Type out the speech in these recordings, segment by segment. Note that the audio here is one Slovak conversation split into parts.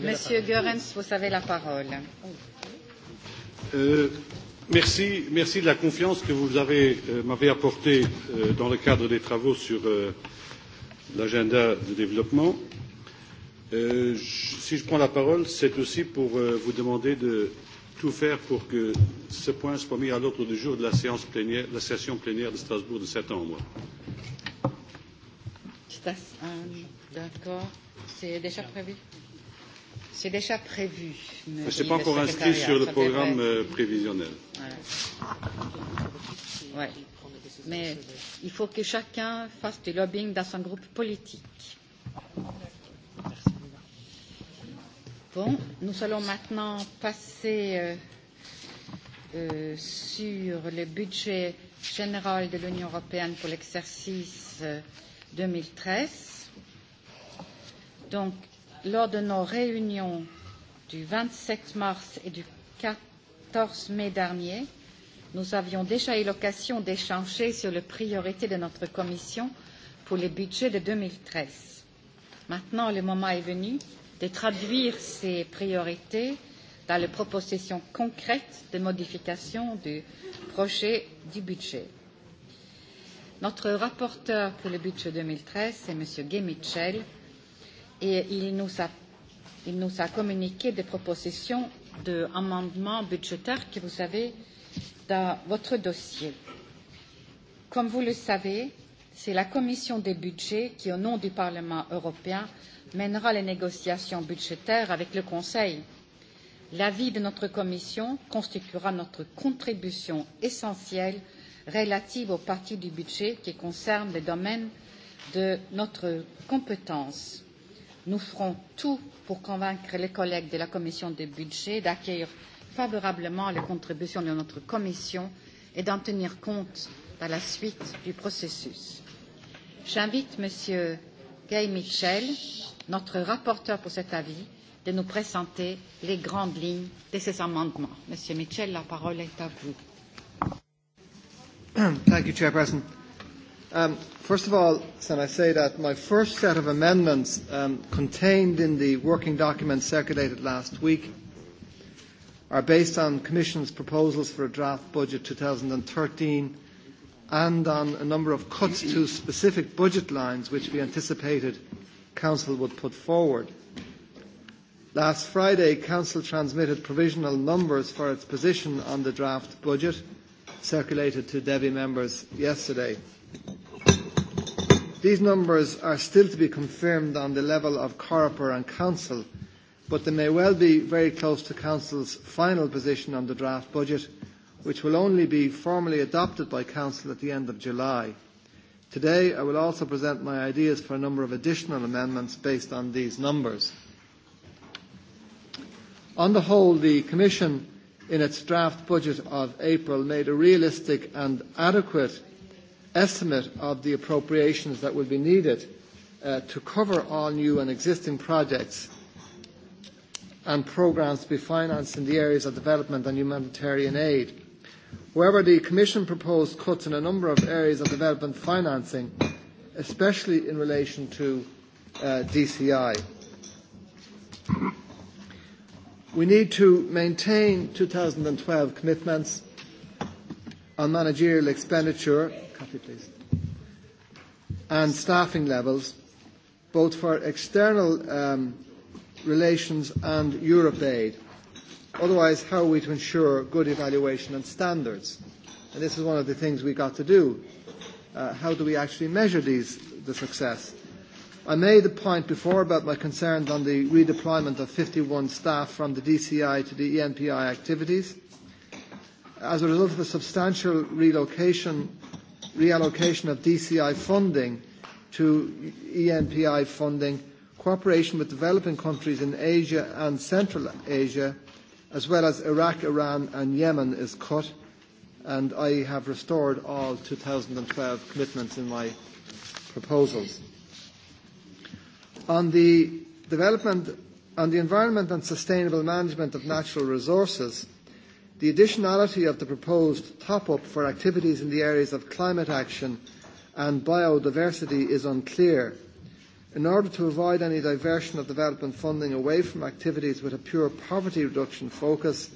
Monsieur Goerens, vous avez la parole. Euh, merci, merci de la confiance que vous euh, m'avez euh, apportée euh, dans le cadre des travaux sur euh, l'agenda de développement. Euh, je, si je prends la parole, c'est aussi pour vous demander de tout faire pour que ce point soit mis à l'ordre du jour de la, séance plénière, la session plénière de Strasbourg de septembre. D'accord, c'est déjà prévu. C'est déjà prévu. Ce n'est pas encore inscrit sur le programme euh, prévisionnel. Voilà. Ouais. Mais il faut que chacun fasse du lobbying dans son groupe politique. Bon, nous allons maintenant passer euh, euh, sur le budget général de l'Union européenne pour l'exercice euh, 2013. Donc, lors de nos réunions du vingt sept mars et du quatorze mai dernier nous avions déjà eu l'occasion d'échanger sur les priorités de notre commission pour le budget de. deux mille treize maintenant le moment est venu de traduire ces priorités dans les propositions concrètes de modification du projet du budget. notre rapporteur pour le budget deux mille treize est m. gay mitchell et il nous a, il nous a communiqué des propositions d'amendements budgétaires que vous avez dans votre dossier. Comme vous le savez, c'est la Commission des budgets qui, au nom du Parlement européen, mènera les négociations budgétaires avec le Conseil. L'avis de notre Commission constituera notre contribution essentielle relative aux parties du budget qui concernent les domaines de notre compétence nous ferons tout pour convaincre les collègues de la commission des budgets d'accueillir favorablement les contributions de notre commission et d'en tenir compte dans la suite du processus. J'invite M. Gay Mitchell, notre rapporteur pour cet avis, de nous présenter les grandes lignes de ces amendements. Monsieur Mitchell, la parole est à vous. Thank you, Chairperson. Um, first of all, can I say that my first set of amendments um, contained in the working document circulated last week are based on Commission's proposals for a draft budget 2013 and on a number of cuts to specific budget lines which we anticipated Council would put forward. Last Friday, Council transmitted provisional numbers for its position on the draft budget circulated to DEVI members yesterday. These numbers are still to be confirmed on the level of Coroper and Council, but they may well be very close to Council's final position on the draft budget, which will only be formally adopted by Council at the end of July. Today, I will also present my ideas for a number of additional amendments based on these numbers. On the whole, the Commission, in its draft budget of April, made a realistic and adequate estimate of the appropriations that will be needed uh, to cover all new and existing projects and programmes to be financed in the areas of development and humanitarian aid. However, the Commission proposed cuts in a number of areas of development financing, especially in relation to uh, DCI. We need to maintain 2012 commitments on managerial expenditure Copy, please. And staffing levels, both for external um, relations and Europe aid. Otherwise, how are we to ensure good evaluation and standards? And this is one of the things we've got to do. Uh, how do we actually measure these, the success? I made a point before about my concerns on the redeployment of 51 staff from the DCI to the ENPI activities. As a result of a substantial relocation reallocation of DCI funding to ENPI funding, cooperation with developing countries in Asia and Central Asia, as well as Iraq, Iran and Yemen is cut, and I have restored all twelve commitments in my proposals. On the development on the environment and sustainable management of natural resources, the additionality of the proposed top-up for activities in the areas of climate action and biodiversity is unclear. In order to avoid any diversion of development funding away from activities with a pure poverty reduction focus,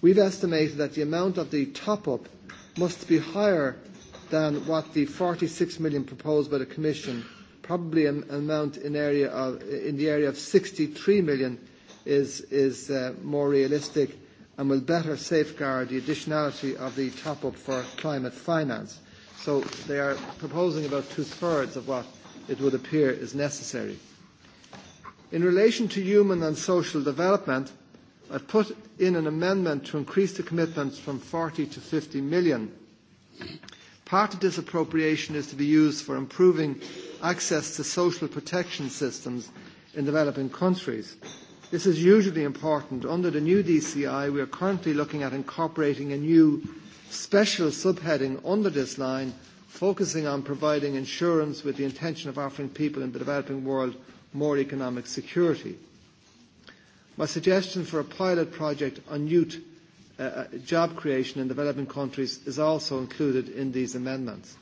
we've estimated that the amount of the top-up must be higher than what the 46 million proposed by the Commission, probably an amount in, area of, in the area of 63 million is, is uh, more realistic and will better safeguard the additionality of the top-up for climate finance. So they are proposing about two-thirds of what it would appear is necessary. In relation to human and social development, I put in an amendment to increase the commitments from 40 to 50 million. Part of this appropriation is to be used for improving access to social protection systems in developing countries. This is hugely important. Under the new DCI, we are currently looking at incorporating a new special subheading under this line, focusing on providing insurance with the intention of offering people in the developing world more economic security. My suggestion for a pilot project on youth uh, uh job creation in developing countries is also included in these amendments.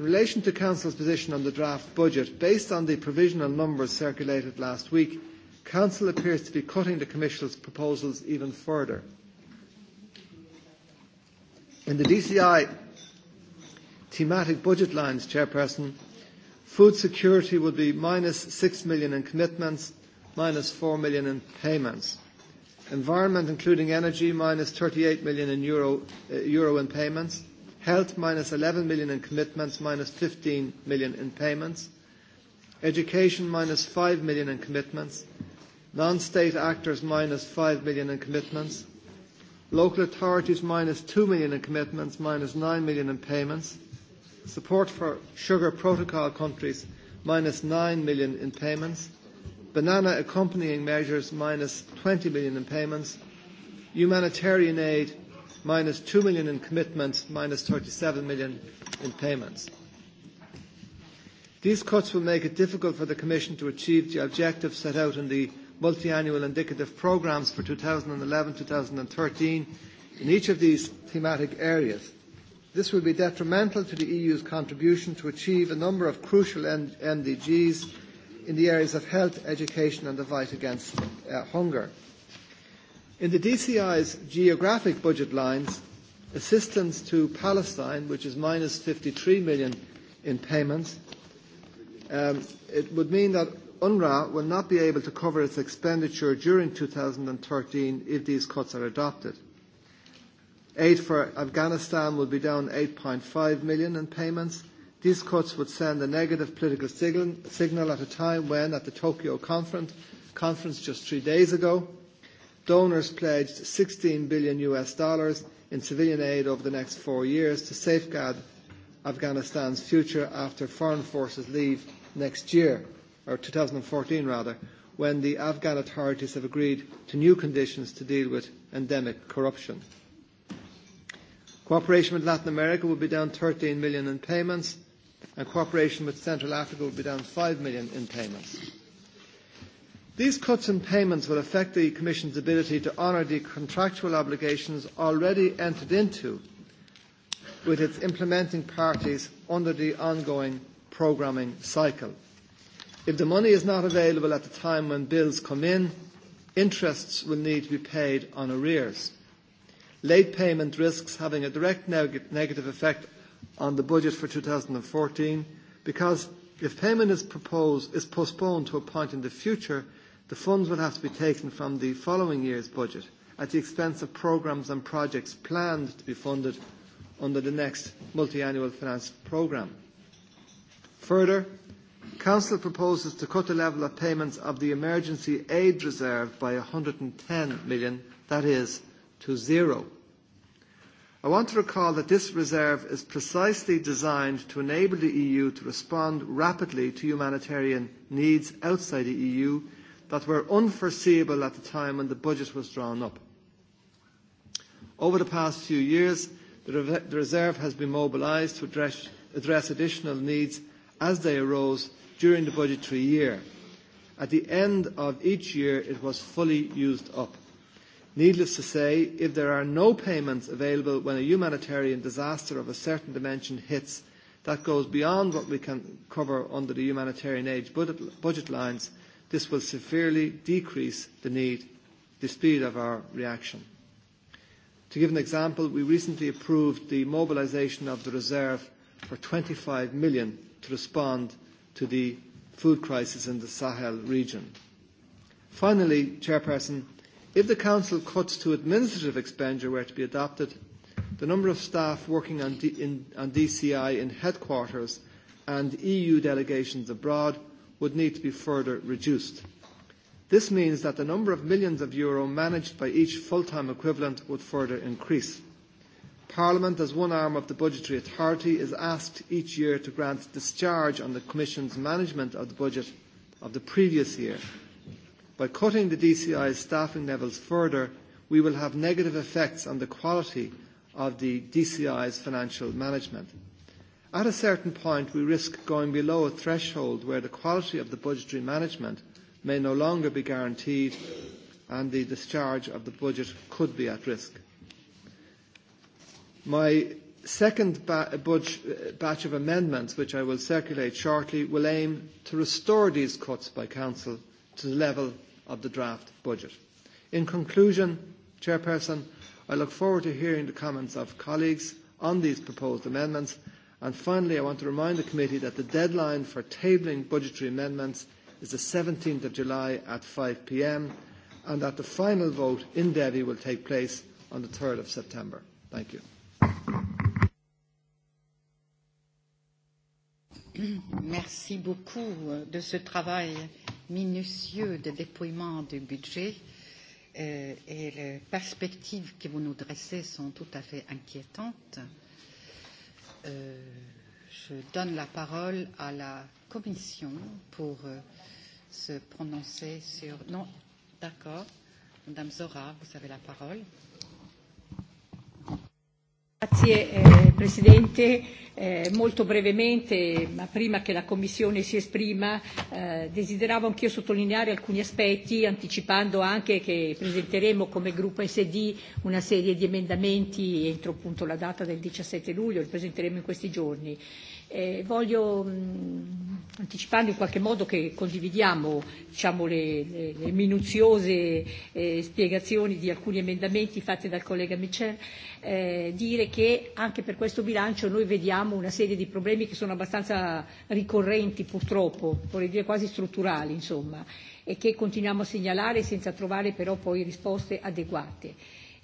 In relation to Council's position on the draft budget, based on the provisional numbers circulated last week, Council appears to be cutting the Commission's proposals even further. In the DCI thematic budget lines, Chairperson, food security will be minus 6 million in commitments, minus 4 million in payments. Environment, including energy, minus 38 million in euro, uh, euro in payments health minus 11 million in commitments, minus 15 million in payments, education minus 5 million in commitments, non-state actors minus 5 million in commitments, local authorities minus 2 million in commitments, minus 9 million in payments, support for sugar protocol countries minus 9 million in payments, banana accompanying measures minus 20 million in payments, humanitarian aid minus 2 million in commitments, minus 37 million in payments. These cuts will make it difficult for the Commission to achieve the objectives set out in the multiannual indicative programmes for 2011 2013 in each of these thematic areas. This will be detrimental to the EU's contribution to achieve a number of crucial MDGs in the areas of health, education and the fight against uh, hunger. In the DCI's geographic budget lines, assistance to Palestine, which is minus 53 million in payments, um, it would mean that UNRWA will not be able to cover its expenditure during 2013 if these cuts are adopted. Aid for Afghanistan will be down 8.5 million in payments. These cuts would send a negative political signal, signal at a time when, at the Tokyo conference, conference just three days ago, donors pledged US 16 billion US dollars in civilian aid over the next four years to safeguard Afghanistan's future after foreign forces leave next year, or 2014 rather, when the Afghan authorities have agreed to new conditions to deal with endemic corruption. Cooperation with Latin America will be down 13 million in payments, and cooperation with Central Africa will be down 5 million in payments. These cuts in payments will affect the Commission's ability to honour the contractual obligations already entered into with its implementing parties under the ongoing programming cycle. If the money is not available at the time when bills come in, interests will need to be paid on arrears. Late payment risks having a direct neg negative effect on the budget for 2014 because if payment is proposed is postponed to a point in the future, The funds will have to be taken from the following year's budget at the expense of programmes and projects planned to be funded under the next multiannual finance programme. Further, Council proposes to cut the level of payments of the emergency aid reserve by EUR one hundred and ten million, that is, to zero. I want to recall that this reserve is precisely designed to enable the EU to respond rapidly to humanitarian needs outside the EU that were unforeseeable at the time when the budget was drawn up. Over the past few years, the, Re the reserve has been mobilised to address, address additional needs as they arose during the budgetary year. At the end of each year, it was fully used up. Needless to say, if there are no payments available when a humanitarian disaster of a certain dimension hits, that goes beyond what we can cover under the humanitarian aid budget, budget lines, This will severely decrease the need, the speed of our reaction. To give an example, we recently approved the mobilisation of the reserve for 25 million to respond to the food crisis in the Sahel region. Finally, Chairperson, if the Council cuts to administrative expenditure were to be adopted, the number of staff working on, D- in, on DCI in headquarters and EU delegations abroad – would need to be further reduced. This means that the number of millions of euro managed by each full-time equivalent would further increase. Parliament, as one arm of the budgetary authority, is asked each year to grant discharge on the Commission's management of the budget of the previous year. By cutting the DCI's staffing levels further, we will have negative effects on the quality of the DCI's financial management. At a certain point, we risk going below a threshold where the quality of the budgetary management may no longer be guaranteed and the discharge of the budget could be at risk. My second uh, uh, batch of amendments, which I will circulate shortly, will aim to restore these cuts by Council to the level of the draft budget. In conclusion, Chairperson, I look forward to hearing the comments of colleagues on these proposed amendments And finally, I want to remind the committee that the deadline for tabling budgetary amendments is the 17th of July at 5 p.m. and that the final vote in Delhi will take place on the 3rd of September. Thank you. Merci beaucoup euh, de ce travail minutieux de dépouillement du budget euh, et les perspectives que vous nous dressez sont tout à fait inquiétantes. Euh, je donne la parole à la Commission pour euh, se prononcer sur. Non, d'accord. Madame Zora, vous avez la parole. Grazie eh, Presidente. Eh, molto brevemente, ma prima che la Commissione si esprima, eh, desideravo anch'io sottolineare alcuni aspetti, anticipando anche che presenteremo come gruppo SD una serie di emendamenti entro appunto la data del 17 luglio, li presenteremo in questi giorni. Eh, voglio mh, mm, anticipando in qualche modo che condividiamo diciamo, le, le, le minuziose eh, spiegazioni di alcuni emendamenti fatti dal collega Michel, eh, dire che anche per questo bilancio noi vediamo una serie di problemi che sono abbastanza ricorrenti purtroppo, vorrei dire quasi strutturali insomma, e che continuiamo a segnalare senza trovare però poi risposte adeguate.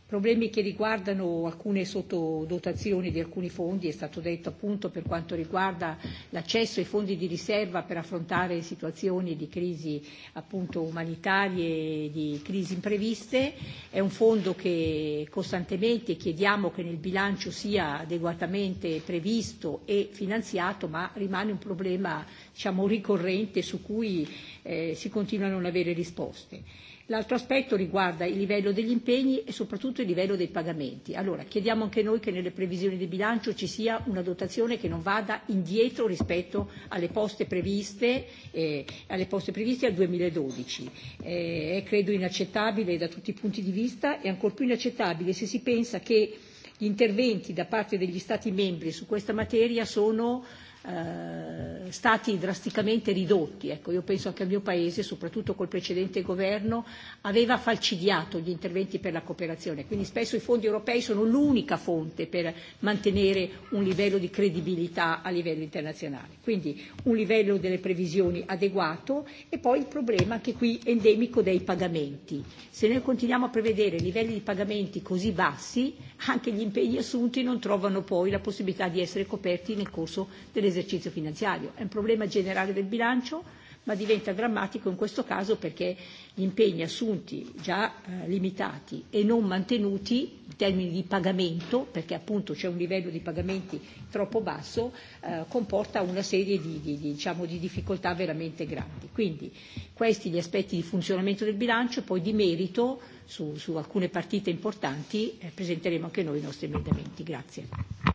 Problemi che riguardano alcune sottodotazioni di alcuni fondi, è stato detto appunto per quanto riguarda l'accesso ai fondi di riserva per affrontare situazioni di crisi appunto umanitarie, e di crisi impreviste. È un fondo che costantemente chiediamo che nel bilancio sia adeguatamente previsto e finanziato, ma rimane un problema diciamo, ricorrente su cui eh, si continua a non avere risposte. L'altro aspetto riguarda il livello degli impegni e soprattutto il livello dei pagamenti. Allora, chiediamo anche noi che nelle previsioni di bilancio ci sia una dotazione che non vada indietro rispetto alle poste previste, eh, alle poste previste al 2012. Eh, è credo inaccettabile da tutti i punti di vista e ancor più inaccettabile se si pensa che gli interventi da parte degli Stati membri su questa materia sono eh, stati drasticamente ridotti. Ecco, io penso che il mio Paese, soprattutto col precedente governo, aveva falcidiato gli interventi per la cooperazione, quindi spesso i fondi europei sono l'unica fonte per mantenere un livello di credibilità a livello internazionale. Quindi un livello delle previsioni adeguato e poi il problema che qui è endemico dei pagamenti. Se noi continuiamo a prevedere livelli di pagamenti così bassi, anche gli impegni assunti non trovano poi la possibilità di essere coperti nel corso dell'esercizio esercizio finanziario. È un problema generale del bilancio, ma diventa drammatico in questo caso perché gli impegni assunti già eh, limitati e non mantenuti in termini di pagamento, perché appunto c'è un livello di pagamenti troppo basso, eh, comporta una serie di, di, di, diciamo, di difficoltà veramente grandi. Quindi questi gli aspetti di funzionamento del bilancio, poi di merito su, su alcune partite importanti eh, presenteremo anche noi i nostri emendamenti. Grazie.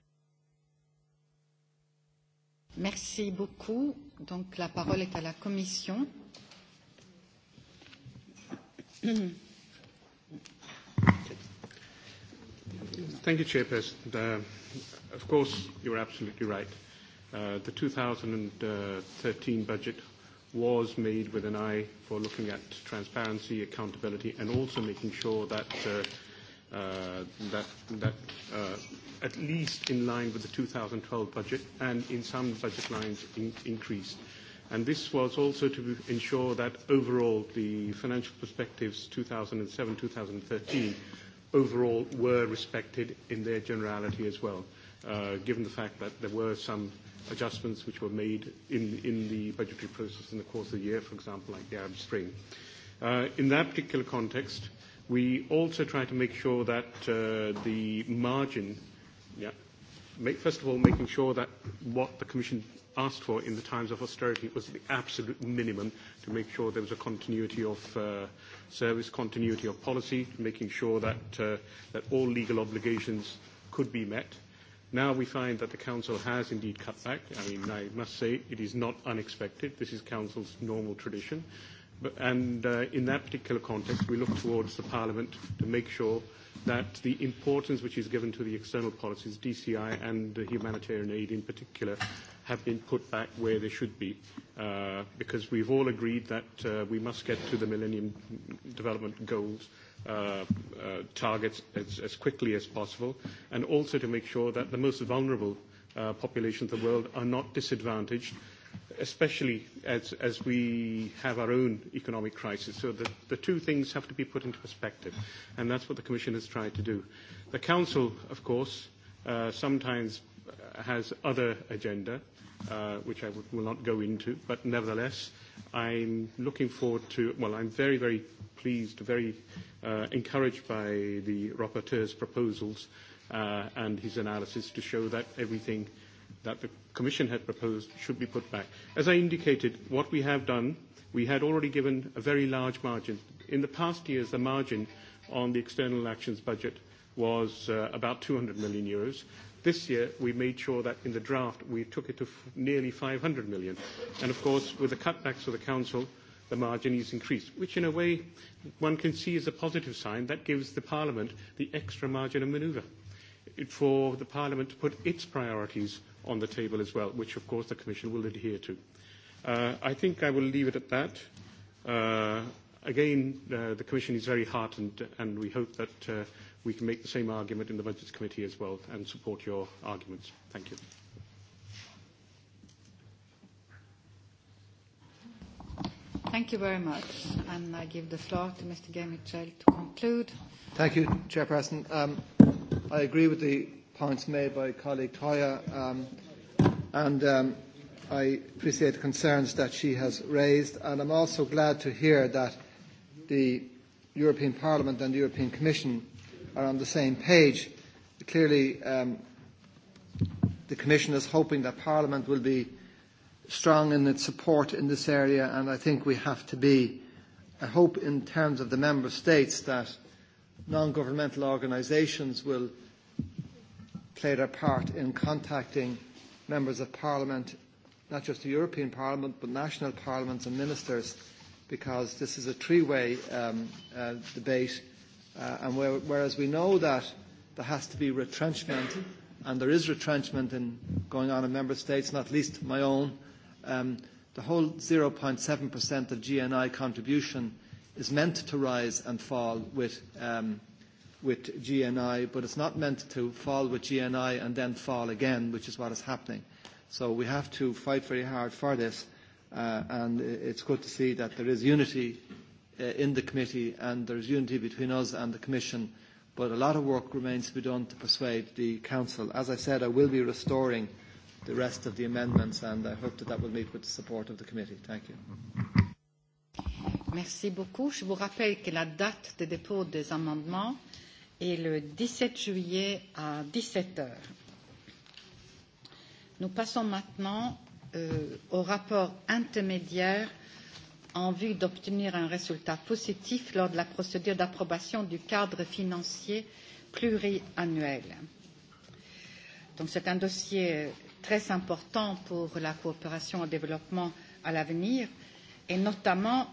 Merci beaucoup. Donc la parole est à la Commission. Thank you, Chairperson. Uh, of course, you're absolutely right. Uh, the 2013 budget was made with an eye for looking at transparency, accountability, and also making sure that uh, uh, that, that uh, at least in line with the 2012 budget and in some budget lines increased. And this was also to ensure that overall the financial perspectives 2007-2013 overall were respected in their generality as well, uh, given the fact that there were some adjustments which were made in, in the budgetary process in the course of the year, for example, like the Arab Spring. Uh, in that particular context, we also try to make sure that uh, the margin Yeah. Make, first of all, making sure that what the Commission asked for in the times of austerity was the absolute minimum to make sure there was a continuity of uh, service, continuity of policy, making sure that, uh, that all legal obligations could be met. Now we find that the Council has indeed cut back. I mean, I must say it is not unexpected. This is Council's normal tradition. But, and uh, in that particular context, we look towards the Parliament to make sure that the importance which is given to the external policies, DCI and the humanitarian aid in particular, have been put back where they should be, uh, because we've all agreed that uh, we must get to the Millennium Development Goals uh, uh, targets as, as quickly as possible, and also to make sure that the most vulnerable uh, populations of the world are not disadvantaged especially as, as we have our own economic crisis. So the, the two things have to be put into perspective, and that's what the Commission has tried to do. The Council, of course, uh, sometimes has other agenda, uh, which I w- will not go into, but nevertheless, I'm looking forward to, well, I'm very, very pleased, very uh, encouraged by the rapporteur's proposals uh, and his analysis to show that everything – that the Commission had proposed should be put back. As I indicated, what we have done, we had already given a very large margin. In the past years, the margin on the external actions budget was uh, about 200 million euros. This year, we made sure that in the draft, we took it to f nearly 500 million. And of course, with the cutbacks of the council, the margin is increased, which in a way one can see is a positive sign. That gives the parliament the extra margin of manoeuvre for the parliament to put its priorities on the table as well, which of course the Commission will adhere to. Uh, I think I will leave it at that. Uh, again, uh, the Commission is very heartened and we hope that uh, we can make the same argument in the Budgets Committee as well and support your arguments. Thank you. Thank you very much. And I give the floor to Mr. Gay to conclude. Thank you, Chairperson. Um, I agree with the points made by colleague Toya, um, and um, I appreciate the concerns that she has raised, and I'm also glad to hear that the European Parliament and the European Commission are on the same page. Clearly, um, the Commission is hoping that Parliament will be strong in its support in this area, and I think we have to be. I hope, in terms of the Member States, that non governmental organisations will played a part in contacting members of parliament, not just the European Parliament, but national parliaments and ministers, because this is a three-way um, uh, debate. Uh, and where, whereas we know that there has to be retrenchment, and there is retrenchment in going on in member states, not least my own, um, the whole 0.7% of GNI contribution is meant to rise and fall with um, with GNI, but it's not meant to fall with GNI and then fall again, which is what is happening. So we have to fight very hard for this, uh, and it's good to see that there is unity uh, in the committee and there is unity between us and the Commission, but a lot of work remains to be done to persuade the Council. As I said, I will be restoring the rest of the amendments, and I hope that that will meet with the support of the committee. Thank you. Merci beaucoup. Je vous rappelle que la date de dépôt des amendements et le 17 juillet à 17 heures. Nous passons maintenant euh, au rapport intermédiaire en vue d'obtenir un résultat positif lors de la procédure d'approbation du cadre financier pluriannuel. C'est un dossier très important pour la coopération au développement à l'avenir et notamment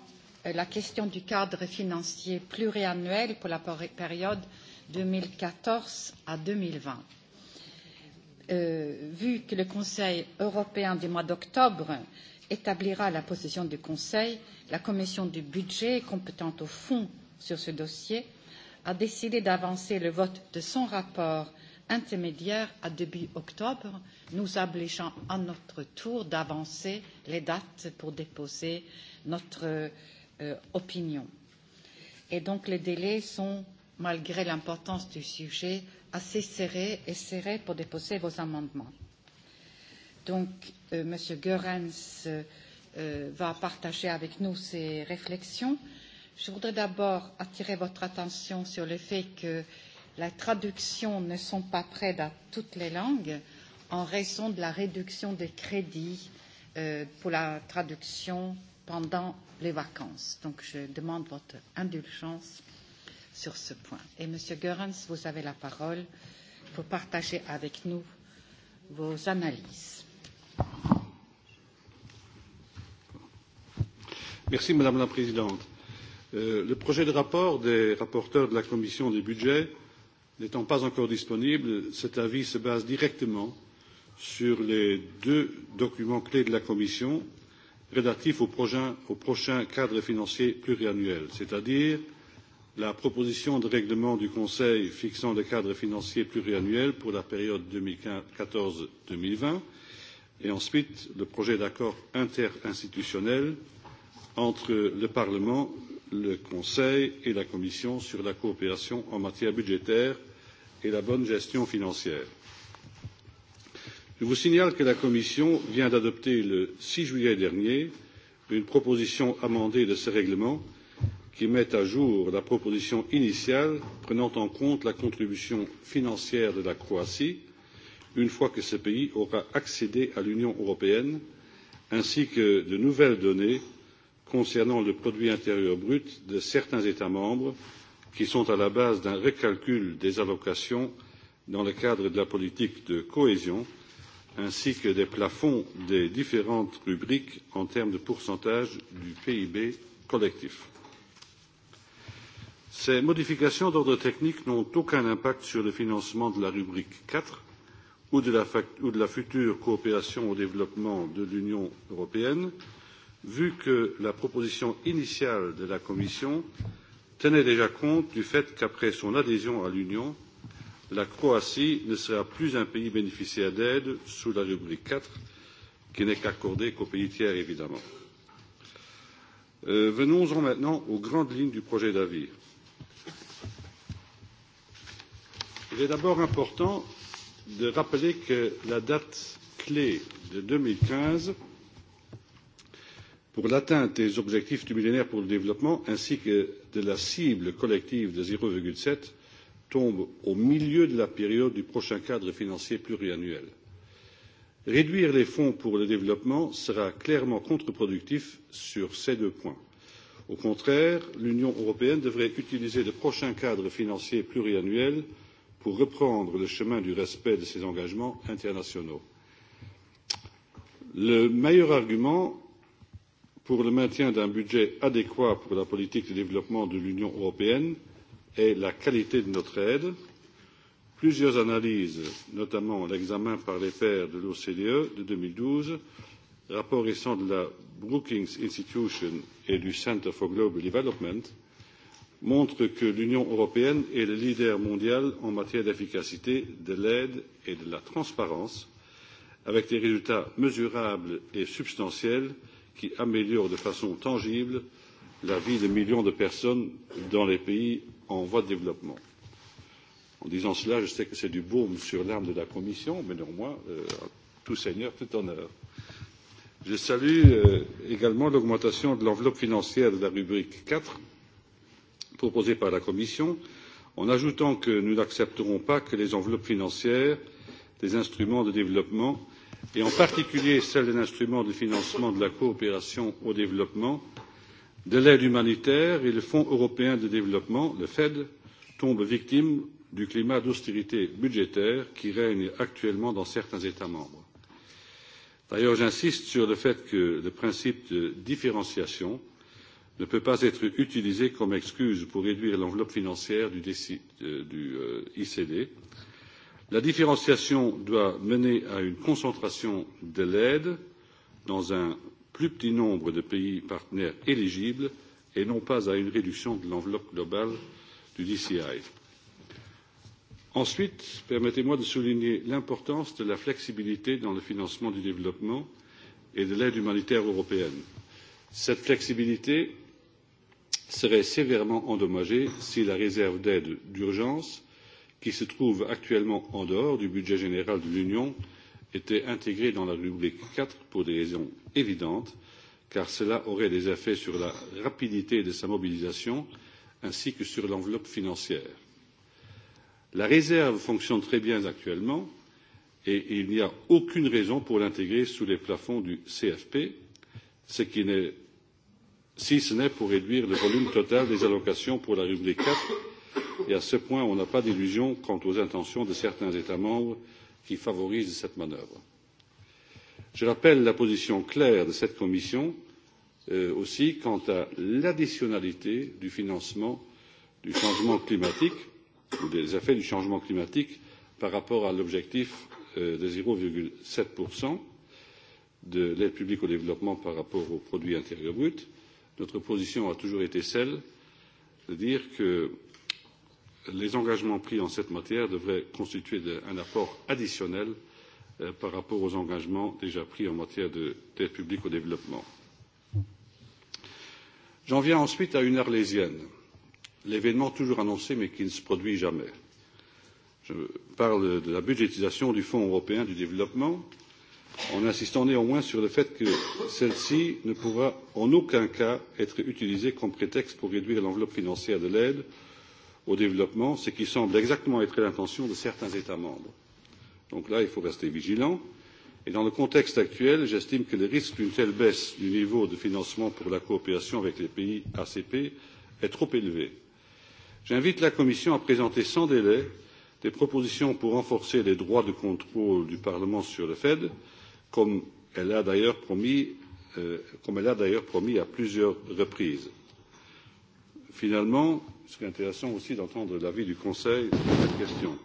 euh, la question du cadre financier pluriannuel pour la période deux mille quatorze à deux mille vingt euh, vu que le Conseil européen du mois d'octobre établira la position du Conseil, la commission du budget, compétente au fond sur ce dossier, a décidé d'avancer le vote de son rapport intermédiaire à début octobre, nous obligeant à notre tour d'avancer les dates pour déposer notre euh, opinion. Et donc les délais sont malgré l'importance du sujet, assez serré et serré pour déposer vos amendements. Donc, euh, M. Goerens euh, euh, va partager avec nous ses réflexions. Je voudrais d'abord attirer votre attention sur le fait que les traductions ne sont pas prêtes dans toutes les langues en raison de la réduction des crédits euh, pour la traduction pendant les vacances. Donc, je demande votre indulgence sur ce point. Et Monsieur Goerens, vous avez la parole pour partager avec nous vos analyses. Merci, Madame la Présidente. Euh, le projet de rapport des rapporteurs de la Commission des budgets n'étant pas encore disponible, cet avis se base directement sur les deux documents clés de la Commission relatifs au prochain, au prochain cadre financier pluriannuel, c'est-à-dire la proposition de règlement du Conseil fixant le cadre financier pluriannuel pour la période deux mille quatorze deux mille vingt et ensuite le projet d'accord interinstitutionnel entre le Parlement, le Conseil et la Commission sur la coopération en matière budgétaire et la bonne gestion financière. Je vous signale que la Commission vient d'adopter le six juillet dernier une proposition amendée de ce règlement qui met à jour la proposition initiale prenant en compte la contribution financière de la croatie une fois que ce pays aura accédé à l'union européenne ainsi que de nouvelles données concernant le produit intérieur brut de certains états membres qui sont à la base d'un recalcul des allocations dans le cadre de la politique de cohésion ainsi que des plafonds des différentes rubriques en termes de pourcentage du pib collectif ces modifications d'ordre technique n'ont aucun impact sur le financement de la rubrique quatre ou de la future coopération au développement de l'union européenne vu que la proposition initiale de la commission tenait déjà compte du fait qu'après son adhésion à l'union la croatie ne sera plus un pays bénéficiaire d'aides sous la rubrique quatre qui n'est qu'accordée qu'aux pays tiers évidemment. Euh, venons en maintenant aux grandes lignes du projet d'avis. il est d'abord important de rappeler que la date clé de deux mille quinze pour l'atteinte des objectifs du millénaire pour le développement ainsi que de la cible collective de zéro sept tombe au milieu de la période du prochain cadre financier pluriannuel. réduire les fonds pour le développement sera clairement contreproductif sur ces deux points. au contraire l'union européenne devrait utiliser le prochain cadre financier pluriannuel pour reprendre le chemin du respect de ses engagements internationaux. Le meilleur argument pour le maintien d'un budget adéquat pour la politique de développement de l'Union européenne est la qualité de notre aide. Plusieurs analyses, notamment l'examen par les pairs de l'OCDE de deux mille douze, rapport récent de la Brookings Institution et du Centre for Global Development, montre que l'Union européenne est le leader mondial en matière d'efficacité de l'aide et de la transparence, avec des résultats mesurables et substantiels qui améliorent de façon tangible la vie de millions de personnes dans les pays en voie de développement. En disant cela, je sais que c'est du baume sur l'âme de la Commission, mais néanmoins, euh, tout seigneur, tout honneur. Je salue euh, également l'augmentation de l'enveloppe financière de la rubrique 4 proposée par la commission en ajoutant que nous n'accepterons pas que les enveloppes financières des instruments de développement et en particulier celles des instruments de financement de la coopération au développement de l'aide humanitaire et du fonds européen de développement le fed tombent victimes du climat d'austérité budgétaire qui règne actuellement dans certains états membres. d'ailleurs j'insiste sur le fait que le principe de différenciation ne peut pas être utilisée comme excuse pour réduire l'enveloppe financière du, icd. Euh, euh, la différenciation doit mener à une concentration de l'aide dans un plus petit nombre de pays partenaires éligibles et non pas à une réduction de l'enveloppe globale du dci. ensuite permettez moi de souligner l'importance de la flexibilité dans le financement du développement et de l'aide humanitaire européenne. cette flexibilité serait sévèrement endommagée si la réserve d'aide d'urgence qui se trouve actuellement en dehors du budget général de l'union était intégrée dans la rubrique quatre pour des raisons évidentes car cela aurait des effets sur la rapidité de sa mobilisation ainsi que sur l'enveloppe financière. la réserve fonctionne très bien actuellement et il n'y a aucune raison pour l'intégrer sous les plafonds du cfp ce qui n'est si ce n'est pour réduire le volume total des allocations pour la rubrique iv et à ce point on n'a pas d'illusions quant aux intentions de certains états membres qui favorisent cette manœuvre. je rappelle la position claire de cette commission euh, aussi quant à l'additionnalité du financement du changement climatique ou des effets du changement climatique par rapport à l'objectif euh, de zéro sept de l'aide publique au développement par rapport au produit intérieur brut notre position a toujours été celle de dire que les engagements pris en cette matière devraient constituer un apport additionnel euh, par rapport aux engagements déjà pris en matière d'aide publique au développement. J'en viens ensuite à une arlésienne, l'événement toujours annoncé mais qui ne se produit jamais. Je parle de la budgétisation du Fonds européen du développement en insistant néanmoins sur le fait que celle ci ne pourra en aucun cas être utilisée comme prétexte pour réduire l'enveloppe financière de l'aide au développement ce qui semble exactement être l'intention de certains états membres. donc là il faut rester vigilant et dans le contexte actuel j'estime que le risque d'une telle baisse du niveau de financement pour la coopération avec les pays acp est trop élevé. j'invite la commission à présenter sans délai des propositions pour renforcer les droits de contrôle du parlement sur le fed comme elle l'a euh, d'ailleurs promis, à plusieurs reprises. Finalement, il serait intéressant aussi d'entendre l'avis du Conseil sur cette question.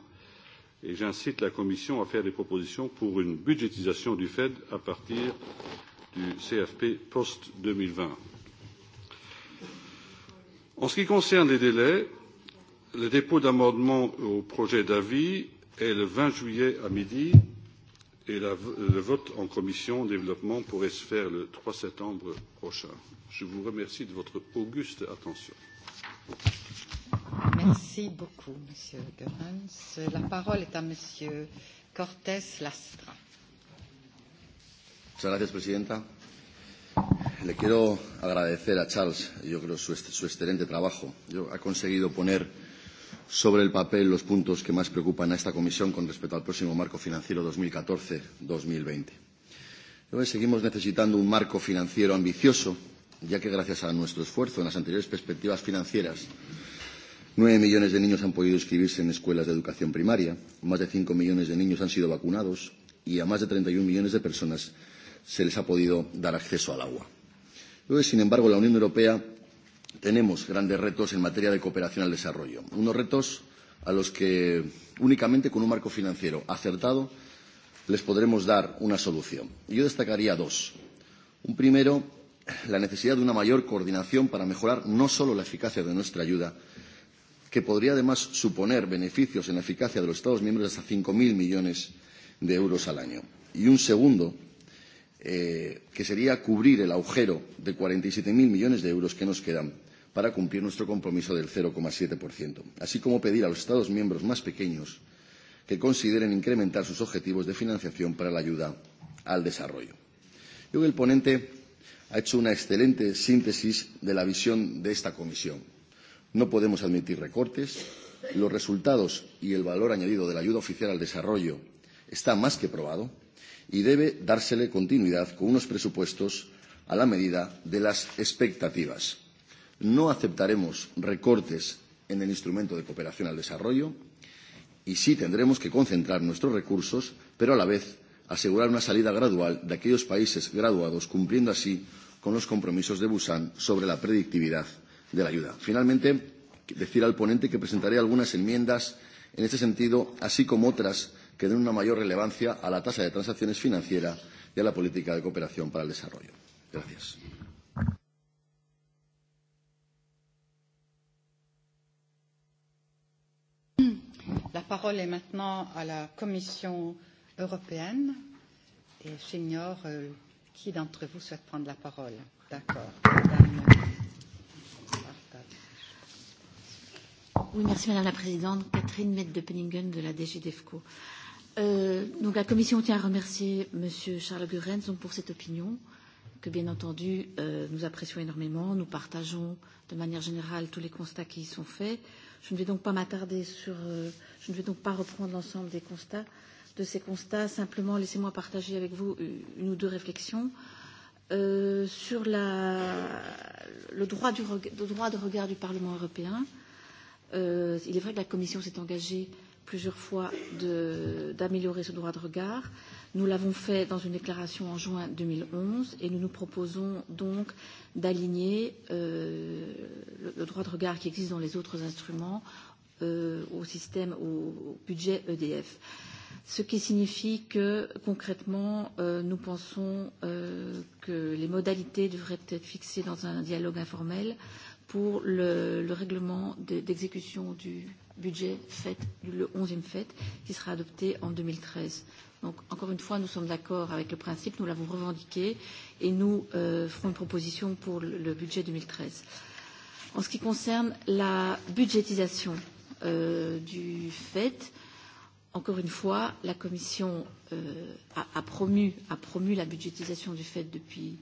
Et j'incite la Commission à faire des propositions pour une budgétisation du Fed à partir du CFP post deux mille vingt. En ce qui concerne les délais, le dépôt d'amendements au projet d'avis est le vingt juillet à midi et le vote en commission développement pourrait se faire le trois septembre prochain. Je vous remercie de votre auguste attention. Merci beaucoup, Monsieur Goerens. La parole est à Monsieur Cortés Lastra. Muchas gracias, Presidenta. Le quiero agradecer a Charles, yo creo, su, su excelente trabajo. Yo, ha conseguido poner sobre el papel los puntos que más preocupan a esta comisión con respecto al próximo marco financiero 2014-2020. Seguimos necesitando un marco financiero ambicioso, ya que gracias a nuestro esfuerzo en las anteriores perspectivas financieras, nueve millones de niños han podido inscribirse en escuelas de educación primaria, más de cinco millones de niños han sido vacunados y a más de 31 millones de personas se les ha podido dar acceso al agua. Luego, sin embargo, la Unión Europea tenemos grandes retos en materia de cooperación al desarrollo. Unos retos a los que únicamente con un marco financiero acertado les podremos dar una solución. Y yo destacaría dos. Un primero, la necesidad de una mayor coordinación para mejorar no solo la eficacia de nuestra ayuda, que podría además suponer beneficios en la eficacia de los Estados miembros de hasta cinco 5.000 millones de euros al año. Y un segundo, eh, que sería cubrir el agujero de cuarenta y siete 47.000 millones de euros que nos quedan para cumplir nuestro compromiso del cero siete, así como pedir a los Estados miembros más pequeños que consideren incrementar sus objetivos de financiación para la ayuda al desarrollo. Yo creo que el ponente ha hecho una excelente síntesis de la visión de esta comisión. No podemos admitir recortes. Los resultados y el valor añadido de la ayuda oficial al desarrollo está más que probado y debe dársele continuidad con unos presupuestos a la medida de las expectativas. No aceptaremos recortes en el instrumento de cooperación al desarrollo y sí tendremos que concentrar nuestros recursos, pero a la vez asegurar una salida gradual de aquellos países graduados, cumpliendo así con los compromisos de Busan sobre la predictividad de la ayuda. Finalmente, decir al ponente que presentaré algunas enmiendas en este sentido, así como otras que den una mayor relevancia a la tasa de transacciones financieras y a la política de cooperación para el desarrollo. Gracias. La parole est maintenant à la Commission européenne et j'ignore euh, qui d'entre vous souhaite prendre la parole. D'accord. Oui, merci Madame la Présidente. Catherine Mette de Penningen de la DGDEFCO. Euh, donc la Commission tient à remercier Monsieur Charles Gurens pour cette opinion que bien entendu euh, nous apprécions énormément. Nous partageons de manière générale tous les constats qui y sont faits. Euh, je ne vais donc pas m'attarder sur, euh, je ne vais donc pas reprendre l'ensemble des constats, de ces constats. Simplement, laissez-moi partager avec vous euh, une ou deux réflexions. Euh, sur la, le, droit du, le droit de regard du Parlement européen, euh, il est vrai que la Commission s'est engagée euh, plusieurs fois d'améliorer ce droit de regard. Nous l'avons fait dans une déclaration en juin 2011 et nous nous proposons donc d'aligner euh, le, le droit de regard qui existe dans les autres instruments euh, au système, au, au budget EDF. Ce qui signifie que concrètement, euh, nous pensons euh, que les modalités devraient être fixées dans un dialogue informel pour le, le règlement d'exécution du, budget FED, le 11e FED, qui sera adopté en 2013. Donc, encore une fois, nous sommes d'accord avec le principe, nous l'avons revendiqué et nous euh, ferons une proposition pour le, le budget 2013. En ce qui concerne la budgétisation euh, du FED, encore une fois, la Commission euh, a, a, promu, a promu la budgétisation du FED depuis,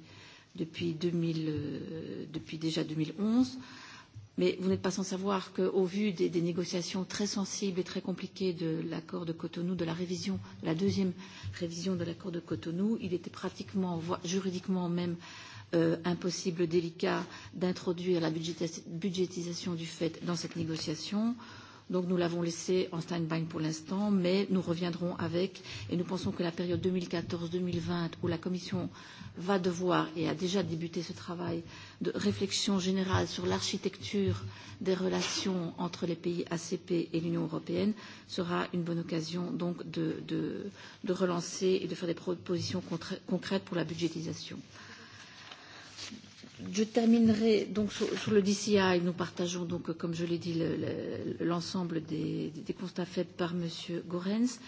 depuis, 2000, euh, depuis déjà 2011. Mais vous n'êtes pas sans savoir qu'au vu des, des négociations très sensibles et très compliquées de l'accord de Cotonou, de la révision, de la deuxième révision de l'accord de Cotonou, il était pratiquement, voire juridiquement même, euh, impossible, délicat d'introduire la budgétisation du fait dans cette négociation. Euh, Donc nous l'avons laissé en stand-by pour l'instant, mais nous reviendrons avec, et nous pensons que la période 2014-2020, où la Commission va devoir, et a déjà débuté ce travail, de réflexion générale sur l'architecture des relations entre les pays ACP et l'Union européenne, sera une bonne occasion donc de, de, de relancer et de faire des propositions concrètes pour la budgétisation je terminerai donc sur, sur le DCI. Nous partageons donc, comme je l'ai dit, l'ensemble le, le, des, des constats faits par M. Gorenz.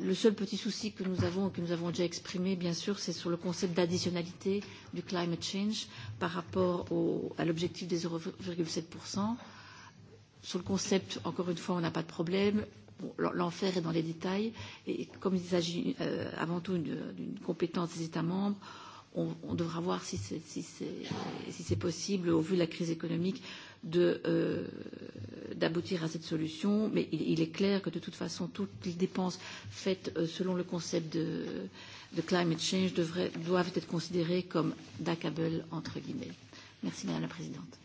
Le seul petit souci que nous avons et que nous avons déjà exprimé, bien sûr, c'est sur le concept d'additionnalité du climate change par rapport au, à l'objectif des 0,7%. Sur le concept, encore une fois, on n'a pas de problème. Bon, L'enfer est dans les détails. Et comme il s'agit euh, avant tout d'une compétence des États membres, on, on devra voir si c'est si si possible, au vu de la crise économique, euh, d'aboutir euh, à cette solution. Mais il, il est clair que de toute façon, toutes les dépenses faites euh, selon le concept de, de climate change devraient, doivent être considérées comme d'accable entre guillemets. Merci Madame la Présidente.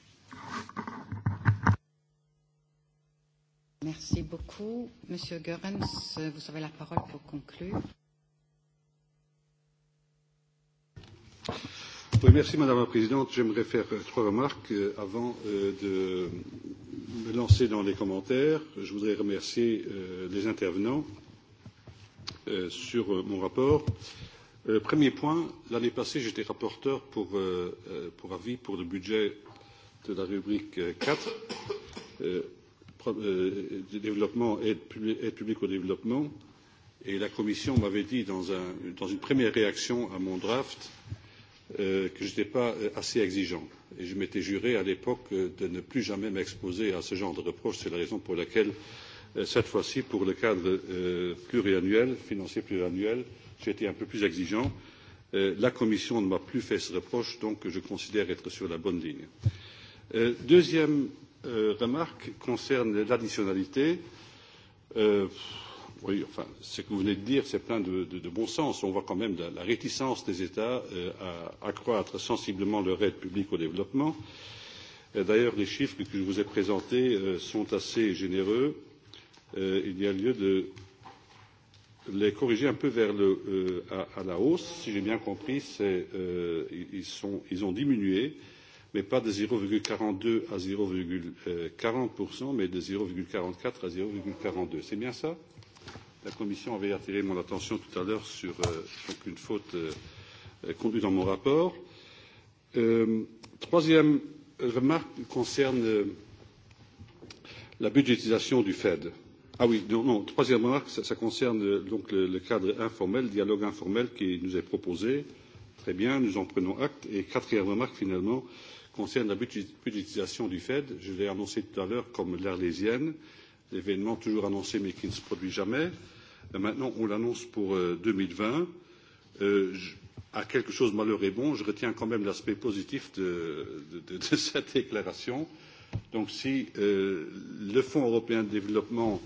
Merci beaucoup. Monsieur Goerens, vous avez la parole pour conclure. Oui, merci Madame la Présidente. J'aimerais faire euh, trois remarques euh, avant euh, de me lancer dans les commentaires. Je voudrais remercier les intervenants sur mon rapport. Premier point, l'année passée, j'étais rapporteur pour, pour avis pour le budget de la rubrique quatre développement aide, aide publique au développement et la commission m'avait dit dans, un, dans une première réaction à mon draft euh, Euh, que je n'étais pas euh, assez exigeant et je m'étais juré à l'époque euh, de ne plus jamais m'exposer à ce genre de reproches. C'est la raison pour laquelle, cette fois ci, pour le cadre pluriannuel, financier pluriannuel, j'ai été un peu plus exigeant. La Commission ne m'a plus fait ce reproche, donc je considère être sur la bonne ligne. Deuxième remarque concerne l'additionnalité. Oui, enfin, ce que vous venez de dire, c'est plein de, de, de bon sens. On voit quand même la, la réticence des États euh, à accroître sensiblement leur aide publique au développement. D'ailleurs, les chiffres que je vous ai présentés euh, sont assez généreux. Euh, il y a lieu de les corriger un peu vers le, euh, à, à la hausse. Si j'ai bien compris, euh, ils, sont, ils ont diminué, mais pas de 0,42 à 0,40%, mais de 0,44 à 0,42. C'est bien ça La Commission avait attiré mon attention tout à l'heure sur euh, une faute euh, euh, contenue dans mon rapport. Euh, troisième remarque concerne euh, la budgétisation du Fed. Ah oui, non, non, troisième remarque, ça, ça concerne euh, donc le, le cadre informel, le dialogue informel qui nous est proposé. Très bien, nous en prenons acte. Et quatrième remarque, finalement, concerne la budgétisation du Fed. Je l'ai annoncé tout à l'heure comme l'arlésienne. Euh, événement toujours annoncé mais qui ne se produit jamais. Euh, maintenant, on l'annonce pour euh, deux mille vingt. Euh, à quelque chose malheur est bon, je retiens quand même l'aspect positif de, de, de, de, cette déclaration. Donc si euh, le Fonds européen de développement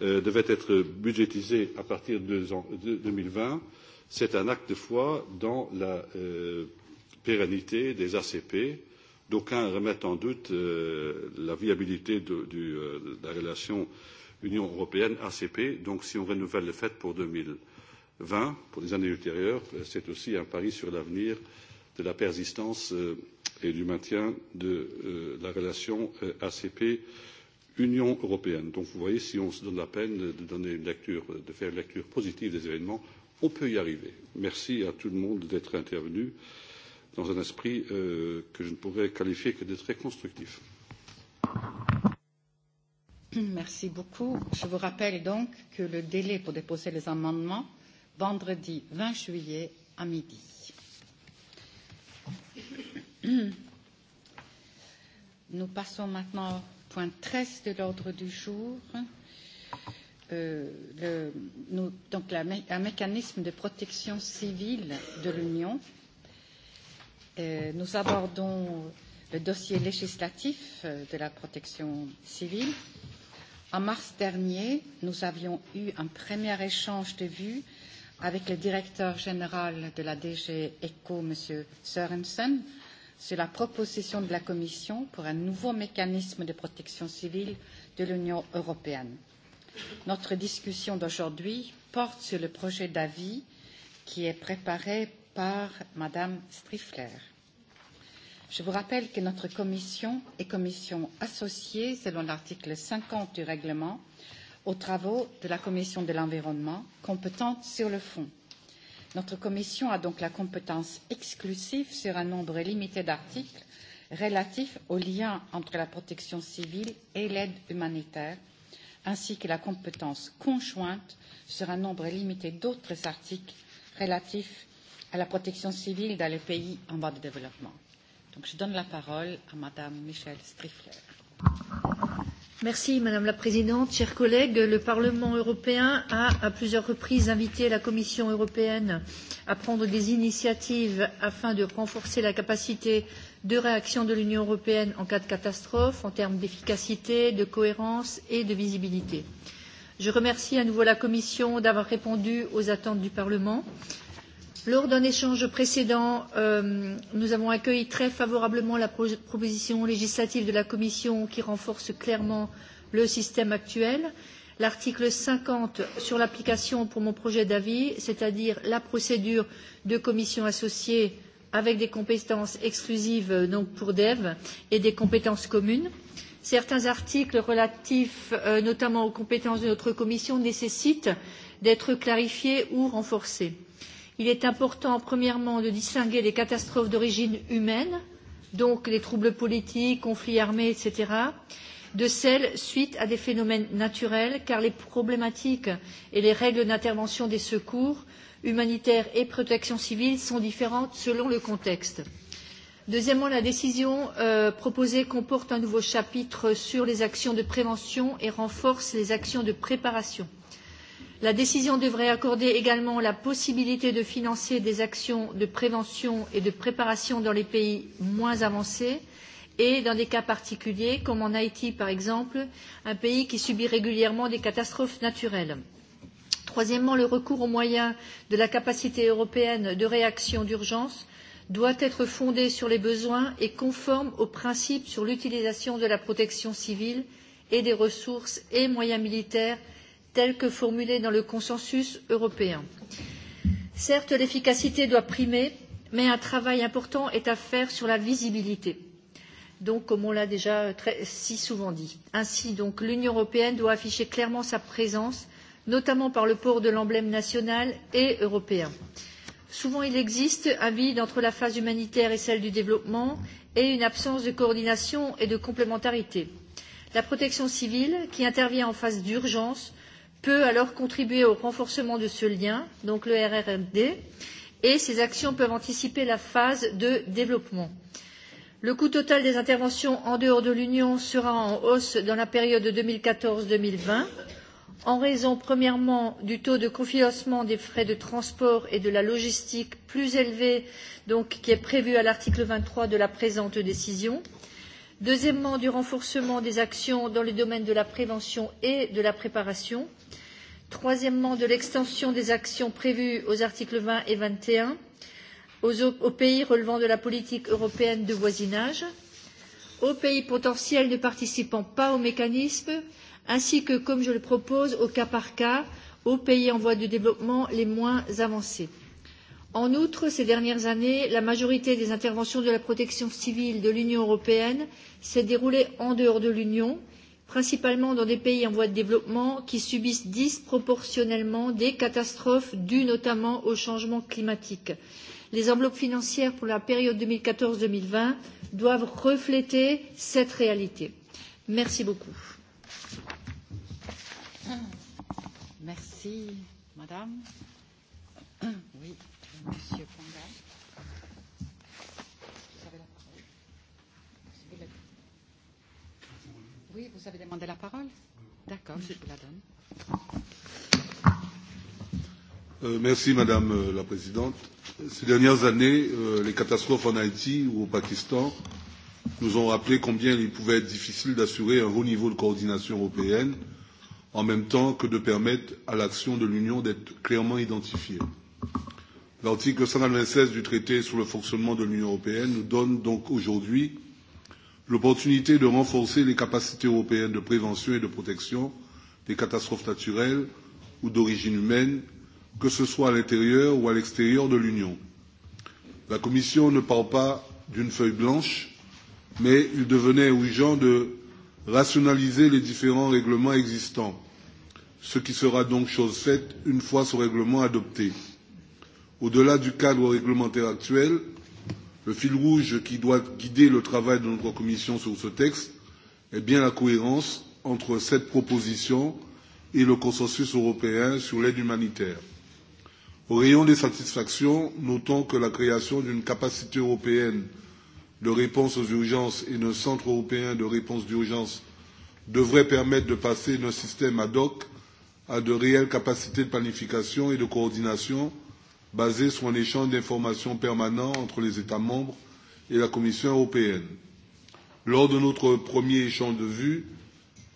euh, devait être budgétisé à partir de deux mille vingt, c'est un acte de foi dans la euh, pérennité des ACP d'aucuns remettent en doute euh, la viabilité de, du, euh, de la relation Union européenne ACP. Donc si on renouvelle le fait pour deux mille vingt, pour les années ultérieures, euh, c'est aussi un pari sur l'avenir de la persistance euh, et du maintien de euh, la relation euh, ACP Union européenne. Donc vous voyez, si on se donne la peine de, donner une lecture, de faire une lecture positive des événements, on peut y arriver. Merci à tout le monde d'être intervenu. Euh, dans un esprit euh, que je ne pourrais qualifier que de très constructif. Merci beaucoup. Je vous rappelle donc que le délai pour déposer les amendements, vendredi 20 juillet à midi. Nous passons maintenant au point 13 de l'ordre du jour. Euh, le, nous, donc la, un mécanisme de protection civile de l'Union Euh, nous abordons le dossier législatif euh, de la protection civile. En mars dernier, nous avions eu un premier échange de vues avec le directeur général de la DG ECO, M. Sørensen, sur la proposition de la Commission pour un nouveau mécanisme de protection civile de l'Union européenne. Notre discussion d'aujourd'hui porte sur le projet d'avis qui est préparé par Madame Strifler. Je vous rappelle que notre commission est commission associée, selon l'article 50 du règlement, aux travaux de la commission de l'environnement, compétente sur le fond. Notre commission a donc la compétence exclusive sur un nombre limité d'articles relatifs aux liens entre la protection civile et l'aide humanitaire, ainsi que la compétence conjointe sur un nombre limité d'autres articles relatifs à la protection civile dans les pays en voie de développement. Donc, je donne la parole à Madame Michelle Strifler. Merci, Madame la Présidente. Chers collègues, le Parlement européen a à plusieurs reprises invité la Commission européenne à prendre des initiatives afin de renforcer la capacité de réaction de l'Union européenne en cas de catastrophe en termes d'efficacité, de cohérence et de visibilité. Je remercie à nouveau la Commission d'avoir répondu aux attentes du Parlement Lors d'un échange précédent, euh, nous avons accueilli très favorablement la pro proposition législative de la Commission qui renforce clairement le système actuel. L'article cinquante sur l'application pour mon projet d'avis, c'est-à-dire la procédure de commission associée avec des compétences exclusives euh, donc pour DEV et des compétences communes. Certains articles relatifs euh, notamment aux compétences de notre commission nécessitent d'être clarifiés ou renforcés il est important, premièrement, de distinguer les catastrophes d'origine humaine, donc les troubles politiques, conflits armés, etc., de celles suite à des phénomènes naturels, car les problématiques et les règles d'intervention des secours humanitaires et protection civile sont différentes selon le contexte. Deuxièmement, la décision euh, proposée comporte un nouveau chapitre sur les actions de prévention et renforce les actions de préparation. La décision devrait accorder également la possibilité de financer des actions de prévention et de préparation dans les pays moins avancés et dans des cas particuliers comme en Haïti par exemple, un pays qui subit régulièrement des catastrophes naturelles. Troisièmement, le recours aux moyens de la capacité européenne de réaction d'urgence doit être fondé sur les besoins et conforme aux principes sur l'utilisation de la protection civile et des ressources et moyens militaires telle que formulée dans le consensus européen. Certes, l'efficacité doit primer, mais un travail important est à faire sur la visibilité. Donc, comme on l'a déjà très, si souvent dit. Ainsi, donc, l'Union européenne doit afficher clairement sa présence, notamment par le port de l'emblème national et européen. Souvent, il existe un vide entre la phase humanitaire et celle du développement et une absence de coordination et de complémentarité. La protection civile, qui intervient en phase d'urgence, peut alors contribuer au renforcement de ce lien, donc le RRMD, et ces actions peuvent anticiper la phase de développement. Le coût total des interventions en dehors de l'Union sera en hausse dans la période 2014-2020 en raison premièrement du taux de cofinancement des frais de transport et de la logistique plus élevé donc, qui est prévu à l'article vingt trois de la présente décision Deuxièmement, du renforcement des actions dans les domaines de la prévention et de la préparation. Troisièmement, de l'extension des actions prévues aux articles vingt et vingt et aux, aux pays relevant de la politique européenne de voisinage, aux pays potentiels ne participant pas au mécanisme, ainsi que, comme je le propose, au cas par cas, aux pays en voie de développement les moins avancés. En outre, ces dernières années, la majorité des interventions de la protection civile de l'Union européenne s'est déroulée en dehors de l'Union, principalement dans des pays en voie de développement qui subissent disproportionnellement des catastrophes dues notamment au changement climatique. Les enveloppes financières pour la période deux mille quatorze deux mille vingt doivent refléter cette réalité. Merci beaucoup. Merci, madame. Oui. Monsieur Vous avez la parole. Vous oui, vous avez demandé la parole D'accord, je vous la donne. Euh, merci, Madame euh, la Présidente. Ces dernières années, euh, les catastrophes en Haïti ou au Pakistan nous ont rappelé combien il pouvait être difficile d'assurer un haut niveau de coordination européenne en même temps que de permettre à l'action de l'Union d'être clairement identifiée. L'article 196 du traité sur le fonctionnement de l'Union européenne nous donne donc aujourd'hui l'opportunité de renforcer les capacités européennes de prévention et de protection des catastrophes naturelles ou d'origine humaine, que ce soit à l'intérieur ou à l'extérieur de l'Union. La Commission ne parle pas d'une feuille blanche, mais il devenait urgent de rationaliser les différents règlements existants, ce qui sera donc chose faite une fois ce règlement adopté. Au-delà du cadre réglementaire actuel, le fil rouge qui doit guider le travail de notre commission sur ce texte est bien la cohérence entre cette proposition et le consensus européen sur l'aide humanitaire. Au rayon des satisfactions, notons que la création d'une capacité européenne de réponse aux urgences et d'un centre européen de réponse d'urgence devrait permettre de passer d'un système ad hoc à de réelles capacités de planification et de coordination basée sur un échange d'informations permanent entre les États membres et la Commission européenne. Lors de notre premier échange de vues,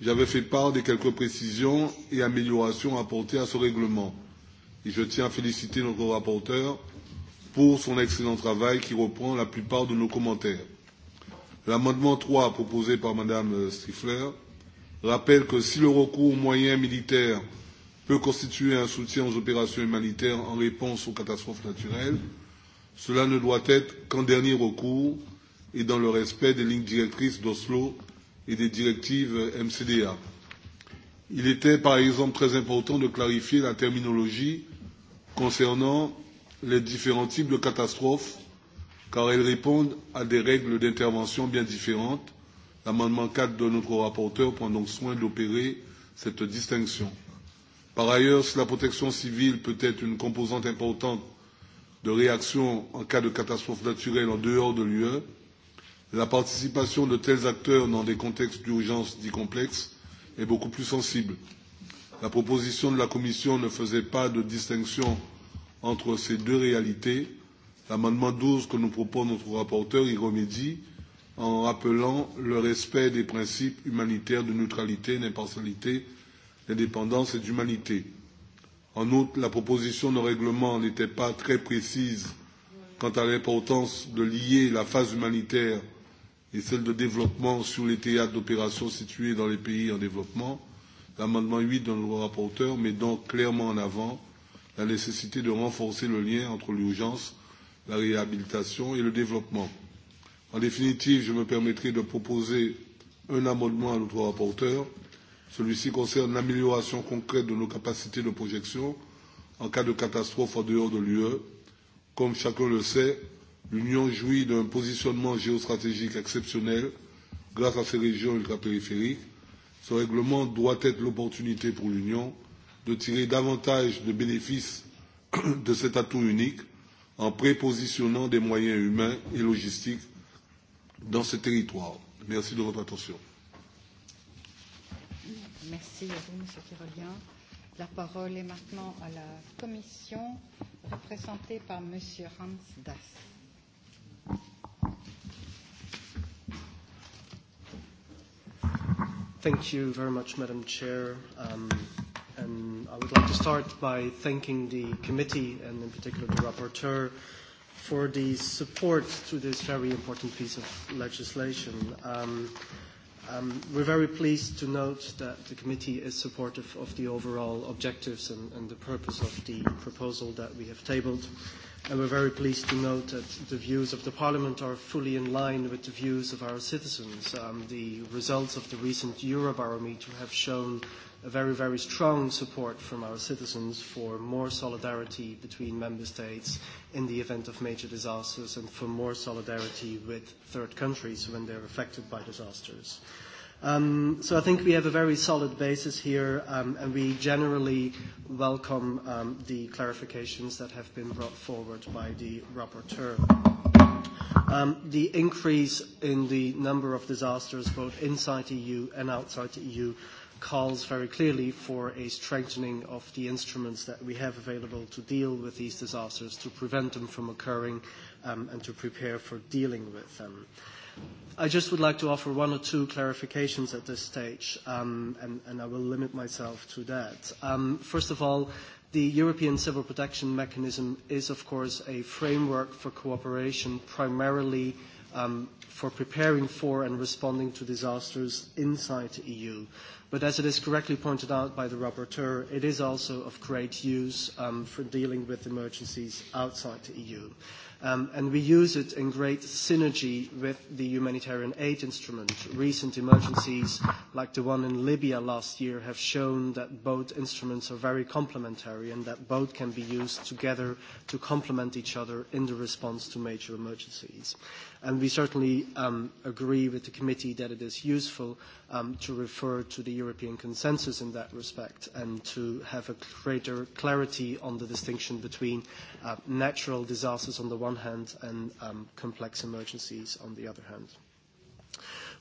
j'avais fait part des quelques précisions et améliorations apportées à ce règlement et je tiens à féliciter notre rapporteur pour son excellent travail qui reprend la plupart de nos commentaires. L'amendement 3 proposé par Madame Stifler rappelle que si le recours aux moyens militaires peut constituer un soutien aux opérations humanitaires en réponse aux catastrophes naturelles. Cela ne doit être qu'en dernier recours et dans le respect des lignes directrices d'Oslo et des directives MCDA. Il était par exemple très important de clarifier la terminologie concernant les différents types de catastrophes car elles répondent à des règles d'intervention bien différentes. L'amendement 4 de notre rapporteur prend donc soin d'opérer cette distinction. Par ailleurs, si la protection civile peut être une composante importante de réaction en cas de catastrophe naturelle en dehors de l'UE, la participation de tels acteurs dans des contextes d'urgence dits complexes est beaucoup plus sensible. La proposition de la Commission ne faisait pas de distinction entre ces deux réalités. L'amendement 12 que nous propose notre rapporteur y remédie en rappelant le respect des principes humanitaires de neutralité, d'impartialité d'indépendance et d'humanité. En outre, la proposition de règlement n'était pas très précise quant à l'importance de lier la phase humanitaire et celle de développement sur les théâtres d'opérations situés dans les pays en développement. L'amendement 8 de notre rapporteur met donc clairement en avant la nécessité de renforcer le lien entre l'urgence, la réhabilitation et le développement. En définitive, je me permettrai de proposer un amendement à notre rapporteur Celui-ci concerne l'amélioration concrète de nos capacités de projection en cas de catastrophe en dehors de l'UE. Comme chacun le sait, l'Union jouit d'un positionnement géostratégique exceptionnel grâce à ses régions ultrapériphériques. Ce règlement doit être l'opportunité pour l'Union de tirer davantage de bénéfices de cet atout unique en prépositionnant des moyens humains et logistiques dans ce territoire. Merci de votre attention. Merci à vous, Monsieur La parole est maintenant à la Commission, représentée par Monsieur Hans Thank you very much, Madam Chair. Um, and I would like to start by thanking the committee and in particular the rapporteur for the support to this very important piece of legislation. Um, Um, we're very pleased to note that the committee is supportive of the overall objectives and, and the purpose of the proposal that we have tabled. And we're very pleased to note that the views of the Parliament are fully in line with the views of our citizens. Um, the results of the recent Eurobarometer have shown a very, very strong support from our citizens for more solidarity between member states in the event of major disasters and for more solidarity with third countries when they're affected by disasters. Um, so I think we have a very solid basis here, um, and we generally welcome um, the clarifications that have been brought forward by the rapporteur. Um, the increase in the number of disasters both inside the EU and outside the EU calls very clearly for a strengthening of the instruments that we have available to deal with these disasters, to prevent them from occurring, um, and to prepare for dealing with them. I just would like to offer one or two clarifications at this stage, um, and, and I will limit myself to that. Um, first of all, the European Civil Protection Mechanism is, of course, a framework for cooperation primarily um, for preparing for and responding to disasters inside the EU. But as it is correctly pointed out by the rapporteur, it is also of great use um, for dealing with emergencies outside the EU. Um, and we use it in great synergy with the humanitarian aid instrument. Recent emergencies, like the one in Libya last year, have shown that both instruments are very complementary and that both can be used together to complement each other in the response to major emergencies. And we certainly um, agree with the committee that it is useful um, to refer to the European consensus in that respect and to have a greater clarity on the distinction between uh, natural disasters on the one hand and um, complex emergencies on the other hand.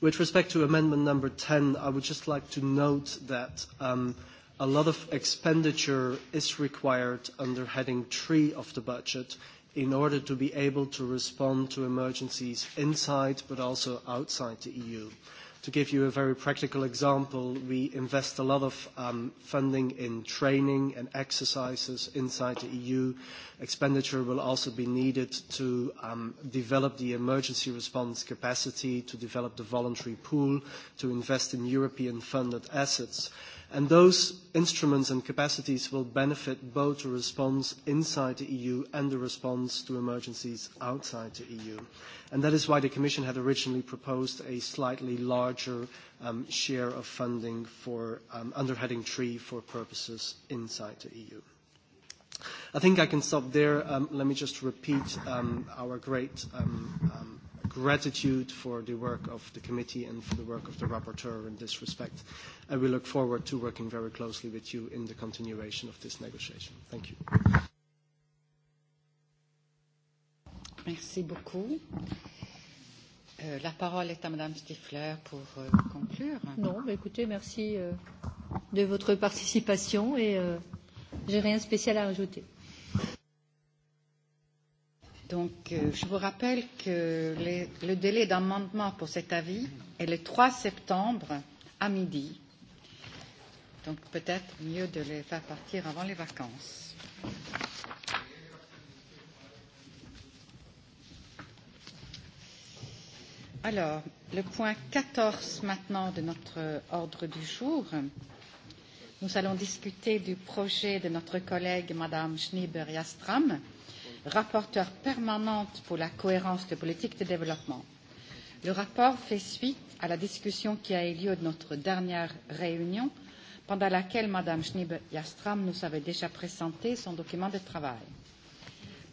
With respect to amendment number 10, I would just like to note that um, a lot of expenditure is required under heading 3 of the budget in order to be able to respond to emergencies inside but also outside the EU. To give you a very practical example, we invest a lot of um, funding in training and exercises inside the EU. Expenditure will also be needed to um, develop the emergency response capacity, to develop the voluntary pool, to invest in European funded assets. And those instruments and capacities will benefit both the response inside the EU and the response to emergencies outside the EU. And that is why the Commission had originally proposed a slightly larger um, share of funding for, um, under heading Three for purposes inside the EU. I think I can stop there. Um, let me just repeat um, our great um, um, gratitude for the work of the committee and for the work of the rapporteur in this respect. And we look forward to working very closely with you in the continuation of this negotiation. Thank you. Merci beaucoup. Euh, la parole est à Madame Stifler pour euh, conclure. Non, mais écoutez, merci euh, de votre participation et euh, j'ai rien de spécial à ajouter. Donc, euh, je vous rappelle que les, le délai d'amendement pour cet avis est le 3 septembre à midi. Donc, peut-être mieux de les faire partir avant les vacances. Alors, le point 14 maintenant de notre ordre du jour. Nous allons discuter du projet de notre collègue Madame schneeber jastram rapporteure permanente pour la cohérence des politiques de développement. Le rapport fait suite à la discussion qui a eu lieu de notre dernière réunion, pendant laquelle Mme Schnibe Jastram nous avait déjà présenté son document de travail.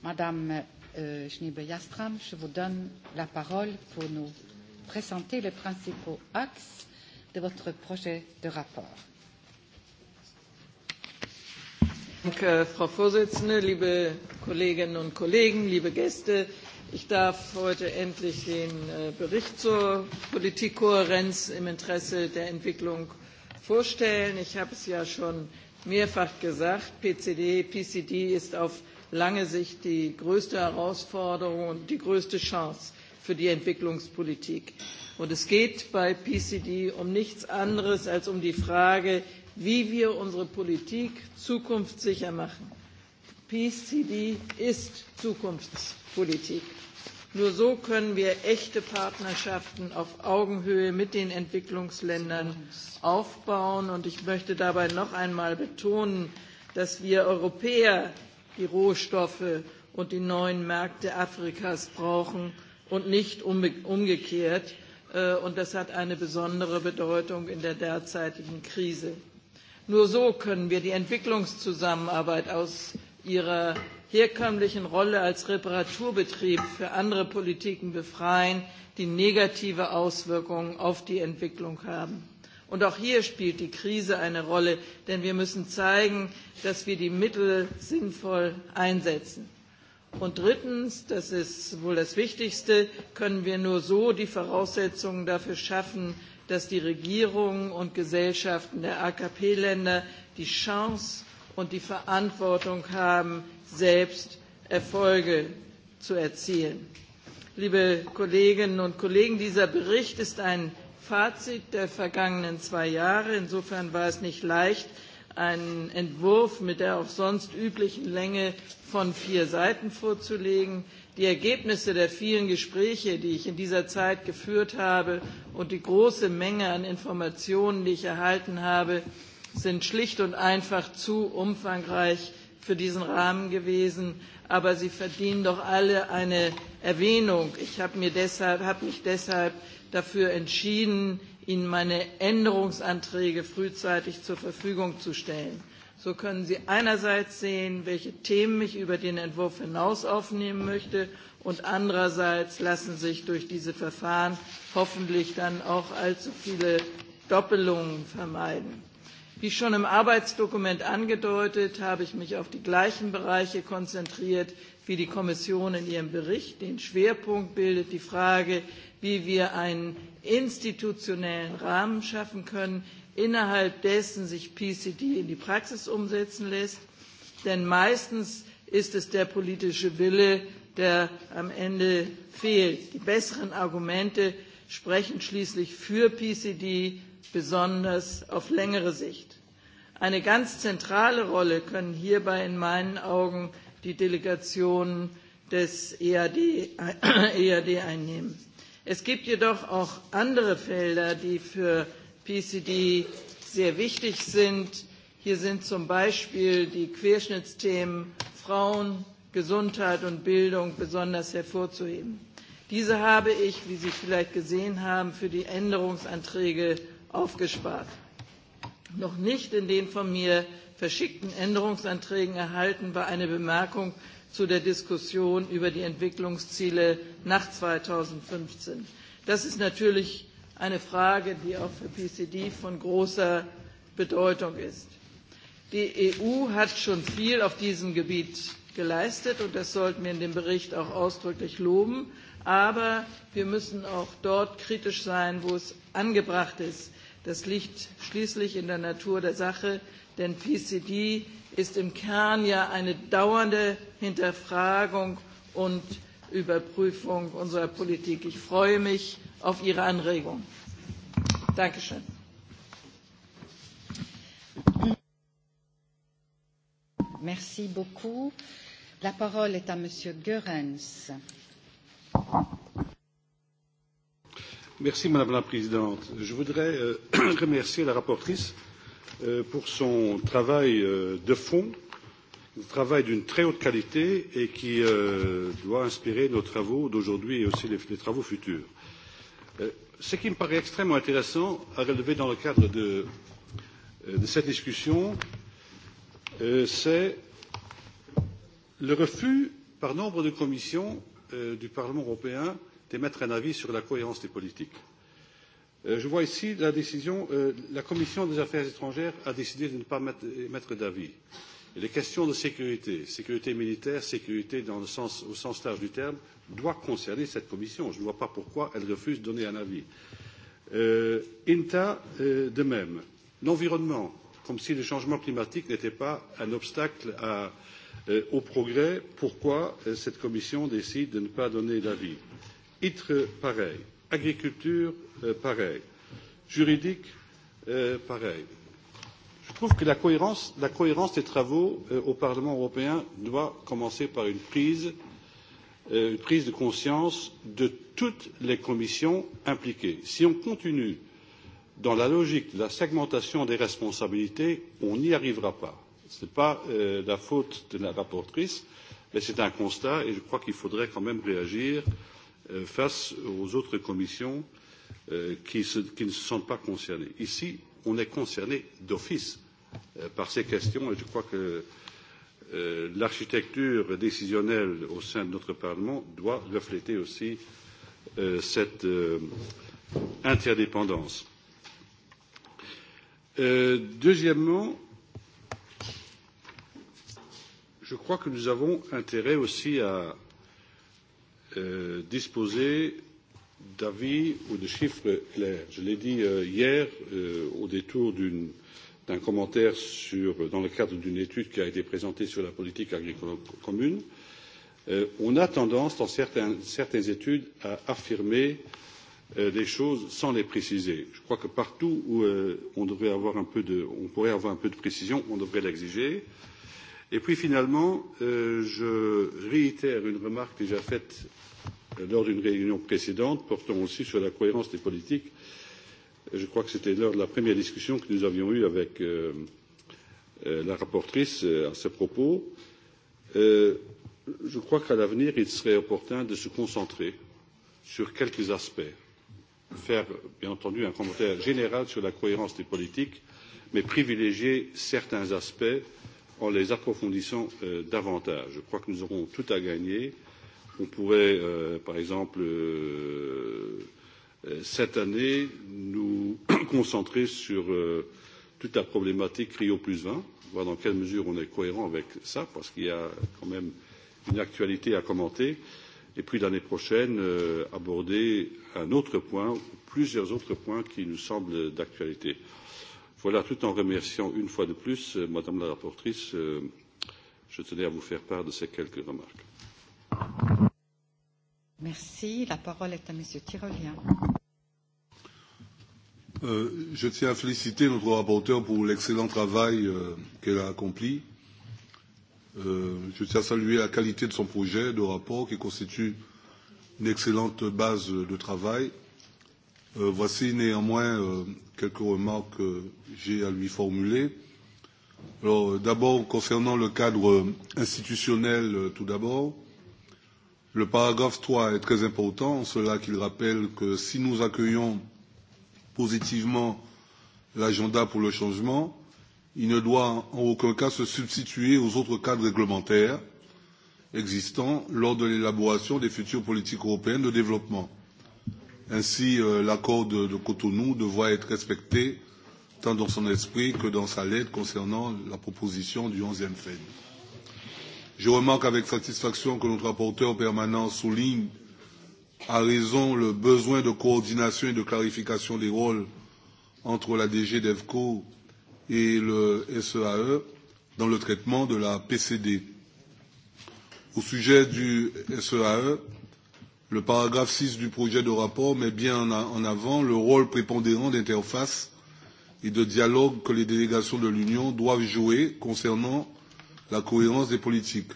Madame euh, Schnibe Jastram, je vous donne la parole pour nous présenter les principaux axes de votre projet de rapport. Äh, Frau Vorsitzende, liebe Kolleginnen und Kollegen, liebe Gäste. Ich darf heute endlich den äh, Bericht zur Politikkohärenz im Interesse der Entwicklung vorstellen. Ich habe es ja schon mehrfach gesagt, PCD, PCD ist auf lange Sicht die größte Herausforderung und die größte Chance für die Entwicklungspolitik. Und es geht bei PCD um nichts anderes als um die Frage, wie wir unsere Politik zukunftssicher machen. PCD ist Zukunftspolitik. Nur so können wir echte Partnerschaften auf Augenhöhe mit den Entwicklungsländern aufbauen. Und ich möchte dabei noch einmal betonen, dass wir Europäer die Rohstoffe und die neuen Märkte Afrikas brauchen und nicht umgekehrt. Äh, und das hat eine besondere Bedeutung in der derzeitigen Krise. Nur so können wir die Entwicklungszusammenarbeit aus ihrer herkömmlichen Rolle als Reparaturbetrieb für andere Politiken befreien, die negative Auswirkungen auf die Entwicklung haben. Und auch hier spielt die Krise eine Rolle, denn wir müssen zeigen, dass wir die Mittel sinnvoll einsetzen. Und drittens, das ist wohl das Wichtigste, können wir nur so die Voraussetzungen dafür schaffen, dass die Regierungen und Gesellschaften der AKP-Länder die Chance und die Verantwortung haben, selbst Erfolge zu erzielen. Liebe Kolleginnen und Kollegen, dieser Bericht ist ein Fazit der vergangenen zwei Jahre. Insofern war es nicht leicht, einen Entwurf mit der auch sonst üblichen Länge von vier Seiten vorzulegen die Ergebnisse der vielen Gespräche, die ich in dieser Zeit geführt habe und die große Menge an Informationen, die ich erhalten habe, sind schlicht und einfach zu umfangreich für diesen Rahmen gewesen. Aber sie verdienen doch alle eine Erwähnung. Ich habe hab mich deshalb dafür entschieden, Ihnen meine Änderungsanträge frühzeitig zur Verfügung zu stellen. So können Sie einerseits sehen, welche Themen ich über den Entwurf hinaus aufnehmen möchte und andererseits lassen sich durch diese Verfahren hoffentlich dann auch allzu viele Doppelungen vermeiden. Wie schon im Arbeitsdokument angedeutet, habe ich mich auf die gleichen Bereiche konzentriert wie die Kommission in ihrem Bericht. Den Schwerpunkt bildet die Frage, wie wir einen institutionellen Rahmen schaffen können, innerhalb dessen sich PCD in die Praxis umsetzen lässt. Denn meistens ist es der politische Wille, der am Ende fehlt. Die besseren Argumente sprechen schließlich für PCD, besonders auf längere Sicht. Eine ganz zentrale Rolle können hierbei in meinen Augen die Delegationen des EAD, EAD einnehmen. Es gibt jedoch auch andere Felder, die für PCD sehr wichtig sind. Hier sind zum Beispiel die Querschnittsthemen Frauen, Gesundheit und Bildung besonders hervorzuheben. Diese habe ich, wie Sie vielleicht gesehen haben, für die Änderungsanträge aufgespart. Noch nicht in den von mir verschickten Änderungsanträgen erhalten war eine Bemerkung zu der Diskussion über die Entwicklungsziele nach 2015. Das ist natürlich eine Frage, die auch für PCD von großer Bedeutung ist. Die EU hat schon viel auf diesem Gebiet geleistet und das sollten wir in dem Bericht auch ausdrücklich loben. Aber wir müssen auch dort kritisch sein, wo es angebracht ist. Das liegt schließlich in der Natur der Sache, denn PCD ist im Kern ja eine dauernde Hinterfragung und Überprüfung unserer Politik. Ich freue mich auf Ihre Anregung. Dankeschön. Merci beaucoup. La parole est à Monsieur Goerens. Merci, Madame la Présidente. Je voudrais euh, remercier la rapporteure euh, pour son travail euh, de fond, un travail d'une très haute qualité et qui euh, doit inspirer nos travaux d'aujourd'hui et aussi les, les travaux futurs. Euh, ce qui me paraît extrêmement intéressant à relever dans le cadre de, euh, cette discussion, euh, c'est le refus par nombre de commissions du Parlement européen d'émettre un avis sur la cohérence des politiques. Je vois ici la décision, la Commission des affaires étrangères a décidé de ne pas émettre d'avis. Et les questions de sécurité, sécurité militaire, sécurité dans le sens, au sens large du terme, doivent concerner cette commission. Je ne vois pas pourquoi elle refuse de donner un avis. Euh, INTA, euh, de même. L'environnement, comme si le changement climatique n'était pas un obstacle à, euh, au progrès, pourquoi euh, cette commission décide de ne pas donner d'avis ITRE, pareil. Agriculture, euh, pareil. Juridique, euh, pareil trouve que la cohérence, des travaux euh, au Parlement européen doit commencer par euh, une prise, de conscience de toutes les commissions impliquées. Si on continue dans la logique de la segmentation des responsabilités, on n'y arrivera pas. Ce n'est pas euh, la faute de la rapporteure, mais c'est un constat et je crois qu'il faudrait quand même réagir face aux autres commissions qui, qui ne se sentent pas concernées. Ici, on est concerné d'office. Euh, par ces questions et je crois que euh, l'architecture décisionnelle au sein de notre Parlement doit refléter aussi euh, cette euh, interdépendance. Euh, deuxièmement, je crois que nous avons intérêt aussi à euh, disposer d'avis ou de chiffres clairs. Je l'ai dit hier au détour d'une d'un commentaire sur, dans le cadre d'une étude qui a été présentée sur la politique agricole commune, euh, on a tendance, dans certains, certaines études, à affirmer euh, des choses sans les préciser. Je crois que partout où euh, on, devrait avoir un peu de, on pourrait avoir un peu de précision, on devrait l'exiger. Et puis finalement, euh, je réitère une remarque déjà faite euh, lors d'une réunion précédente portant aussi sur la cohérence des politiques euh, je crois que c'était lors de la première discussion que nous avions eue avec euh, euh la rapporteure à ce propos. Euh, je crois qu'à l'avenir, il serait opportun de se concentrer sur quelques aspects, faire bien entendu un commentaire général sur la cohérence des politiques, mais privilégier certains aspects en les approfondissant euh, davantage. Je crois que nous aurons tout à gagner. On pourrait, euh, par exemple, euh, Euh, cette année nous concentrer sur euh, toute la problématique Rio plus 20, voir dans quelle mesure on est cohérent avec ça, parce qu'il y a quand même une actualité à commenter. Et puis l'année prochaine, euh, aborder un autre point, ou plusieurs autres points qui nous semblent d'actualité. Voilà, tout en remerciant une fois de plus euh, Madame la rapporteure, euh, je tenais à vous faire part de ces quelques remarques. Merci. La parole est à Monsieur Tirolien. Euh, je tiens à féliciter notre rapporteur pour l'excellent travail euh, qu'elle a accompli. Euh, je tiens à saluer la qualité de son projet de rapport qui constitue une excellente base de travail. Euh, voici néanmoins euh, quelques remarques que j'ai à lui formuler. Alors, euh, d'abord, concernant le cadre euh, institutionnel, euh, tout d'abord, Le paragraphe 3 est très important, en cela qu'il rappelle que si nous accueillons positivement l'agenda pour le changement, il ne doit en aucun cas se substituer aux autres cadres réglementaires existants lors de l'élaboration des futures politiques européennes de développement. Ainsi, euh, l'accord de, Cotonou devra être respecté tant dans son esprit que dans sa lettre concernant la proposition du e FED. Je remarque avec satisfaction que notre rapporteur permanent souligne à raison le besoin de coordination et de clarification des rôles entre la DG DEVCO et le SEAE e dans le traitement de la PCD. Au sujet du SEAE, e, le paragraphe 6 du projet de rapport met bien en avant le rôle prépondérant d'interface et de dialogue que les délégations de l'Union doivent jouer concernant la cohérence des politiques.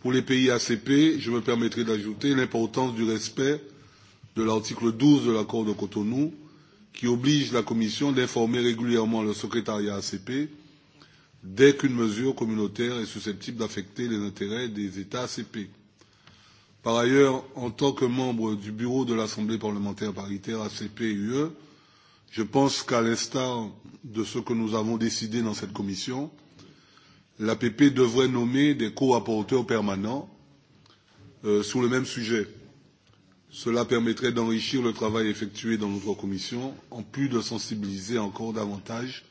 Pour les pays ACP, je me permettrai d'ajouter l'importance du respect de l'article 12 de l'accord de Cotonou, qui oblige la Commission d'informer régulièrement le secrétariat ACP dès qu'une mesure communautaire est susceptible d'affecter les intérêts des États ACP. Par ailleurs, en tant que membre du bureau de l'Assemblée parlementaire paritaire ACP-UE, je pense qu'à l'instar de ce que nous avons décidé dans cette commission, l'APP devrait nommer des co apporteurs permanents euh, sur le même sujet. Cela permettrait d'enrichir le travail effectué dans notre commission, en plus de sensibiliser encore davantage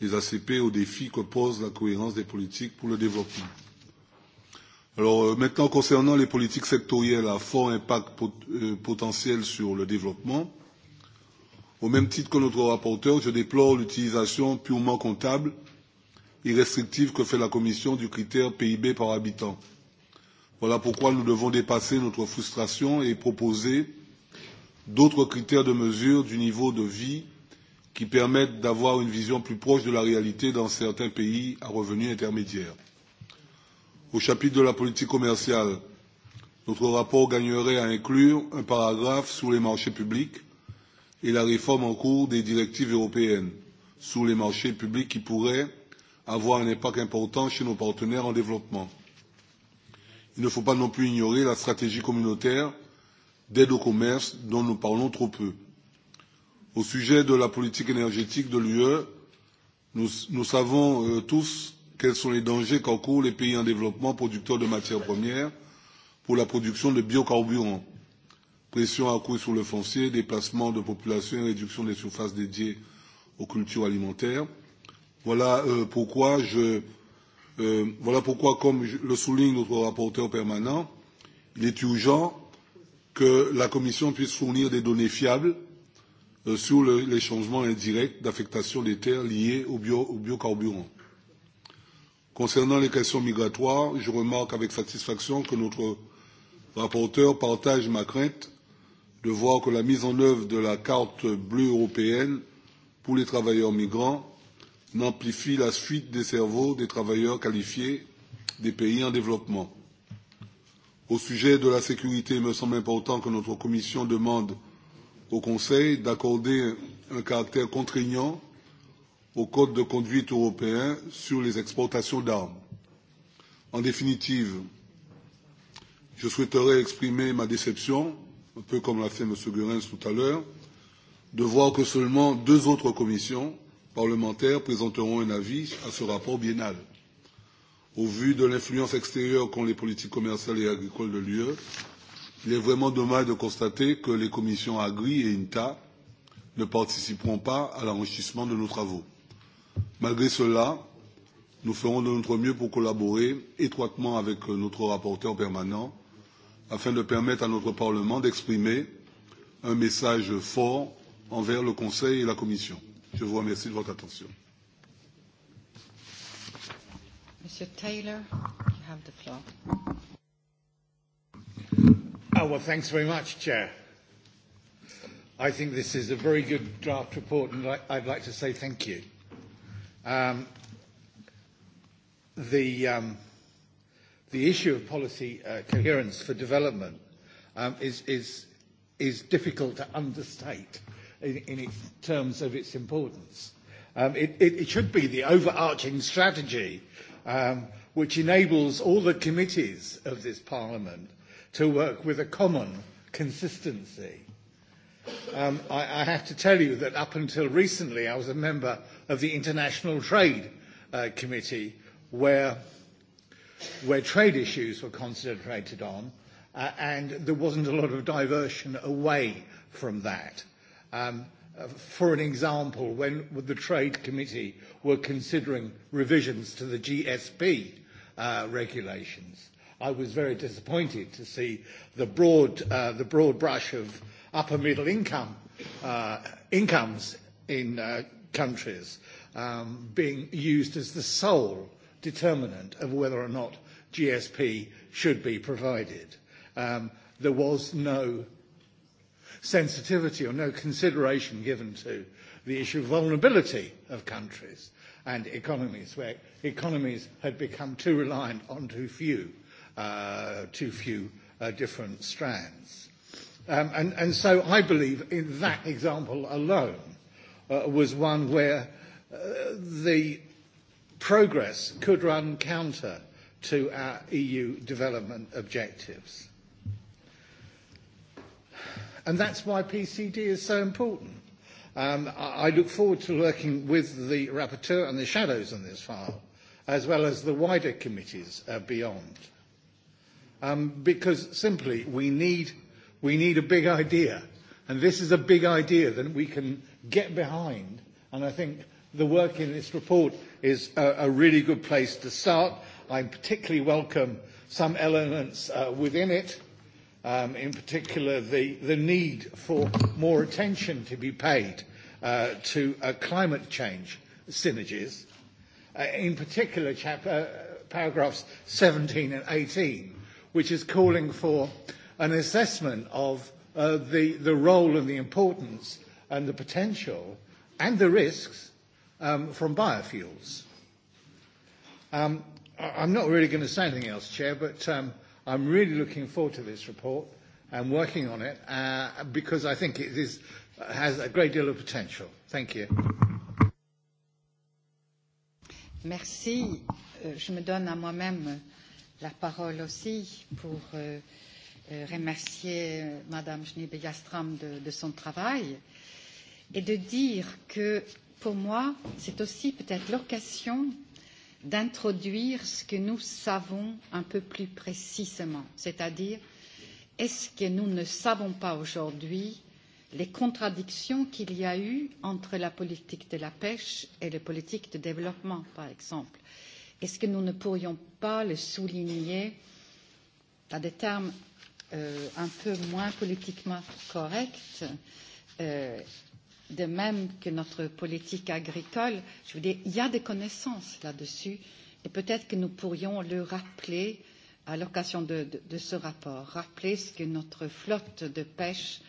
les ACP aux défis que pose la cohérence des politiques pour le développement. Alors euh, maintenant, concernant les politiques sectorielles à fort impact pot euh, potentiel sur le développement, au même titre que notre rapporteur, je déplore l'utilisation purement comptable irrestrictive que fait la Commission du critère PIB par habitant. Voilà pourquoi nous devons dépasser notre frustration et proposer d'autres critères de mesure du niveau de vie qui permettent d'avoir une vision plus proche de la réalité dans certains pays à revenus intermédiaires. Au chapitre de la politique commerciale, notre rapport gagnerait à inclure un paragraphe sur les marchés publics et la réforme en cours des directives européennes sur les marchés publics qui pourrait avoir un impact important chez nos partenaires en développement. Il ne faut pas non plus ignorer la stratégie communautaire d'aide au commerce dont nous parlons trop peu. Au sujet de la politique énergétique de l'UE, nous, nous savons euh, tous quels sont les dangers qu'encourent les pays en développement producteurs de matières premières pour la production de biocarburants. Pression accrue sur le foncier, déplacement de population et réduction des surfaces dédiées aux cultures alimentaires – Voilà euh, pourquoi je, euh, voilà pourquoi, comme le souligne notre rapporteur permanent, il est urgent que la Commission puisse fournir des données fiables euh, sur le, les changements indirects d'affectation des terres liées aux bio, au biocarburants. Concernant les questions migratoires, je remarque avec satisfaction que notre rapporteur partage ma crainte de voir que la mise en œuvre de la carte bleue européenne pour les travailleurs migrants n'amplifie la fuite des cerveaux des travailleurs qualifiés des pays en développement. Au sujet de la sécurité, il me semble important que notre Commission demande au Conseil d'accorder un caractère contraignant au Code de conduite européen sur les exportations d'armes. En définitive, je souhaiterais exprimer ma déception, un peu comme l'a fait M. Goerens tout à l'heure, de voir que seulement deux autres commissions, parlementaires présenteront un avis à ce rapport biennal. Au vu de l'influence extérieure qu'ont les politiques commerciales et agricoles de l'UE, il est vraiment dommage de constater que les commissions Agri et INTA ne participeront pas à l'enrichissement de nos travaux. Malgré cela, nous ferons de notre mieux pour collaborer étroitement avec notre rapporteur permanent afin de permettre à notre Parlement d'exprimer un message fort envers le Conseil et la Commission. Je vous remercie de votre attention. Monsieur Taylor, you have the floor. Oh, well, thanks very much, Chair. I think this is a very good draft report, and I'd like to say thank you. Um, the, um, the issue of policy uh, coherence for development um, is, is, is difficult to understate in, in its terms of its importance. Um, it, it, it should be the overarching strategy um, which enables all the committees of this Parliament to work with a common consistency. Um, I, I have to tell you that up until recently, I was a member of the International Trade uh, Committee, where, where trade issues were concentrated on, uh, and there wasn't a lot of diversion away from that. Um, uh, for an example, when the Trade Committee were considering revisions to the GSP uh, regulations, I was very disappointed to see the broad, uh, the broad brush of upper middle income uh, incomes in uh, countries um, being used as the sole determinant of whether or not GSP should be provided. Um, there was no sensitivity or no consideration given to the issue of vulnerability of countries and economies, where economies had become too reliant on too few, uh, too few uh, different strands. Um, and, and so I believe in that example alone uh, was one where uh, the progress could run counter to our EU development objectives. And that's why PCD is so important. Um, I, I look forward to working with the rapporteur and the shadows on this file, as well as the wider committees uh, beyond. Um, because simply, we need, we need a big idea. And this is a big idea that we can get behind. And I think the work in this report is a, a really good place to start. I particularly welcome some elements uh, within it um, in particular the, the need for more attention to be paid uh, to uh, climate change synergies, uh, in particular chap- uh, paragraphs 17 and 18, which is calling for an assessment of uh, the, the role and the importance and the potential and the risks um, from biofuels. Um, I'm not really going to say anything else, Chair, but um, – I'm really looking forward to this report and working on it uh, because I think it is, has a great deal of potential. Thank you. Merci. Euh, je me donne à moi-même la parole aussi pour euh, euh remercier euh, Madame Schneeberg-Jastram de, de son travail et de dire que pour moi, c'est aussi peut-être l'occasion d'introduire ce que nous savons un peu plus précisément, c'est-à-dire est-ce que nous ne savons pas aujourd'hui les contradictions qu'il y a eu entre la politique de la pêche et la politique de développement, par exemple Est-ce que nous ne pourrions pas le souligner dans des termes euh, un peu moins politiquement corrects euh, de même que notre politique agricole. Je veux dire, il y a des connaissances là-dessus et peut-être que nous pourrions le rappeler à l'occasion de, de, de ce rapport, rappeler ce que notre flotte de pêche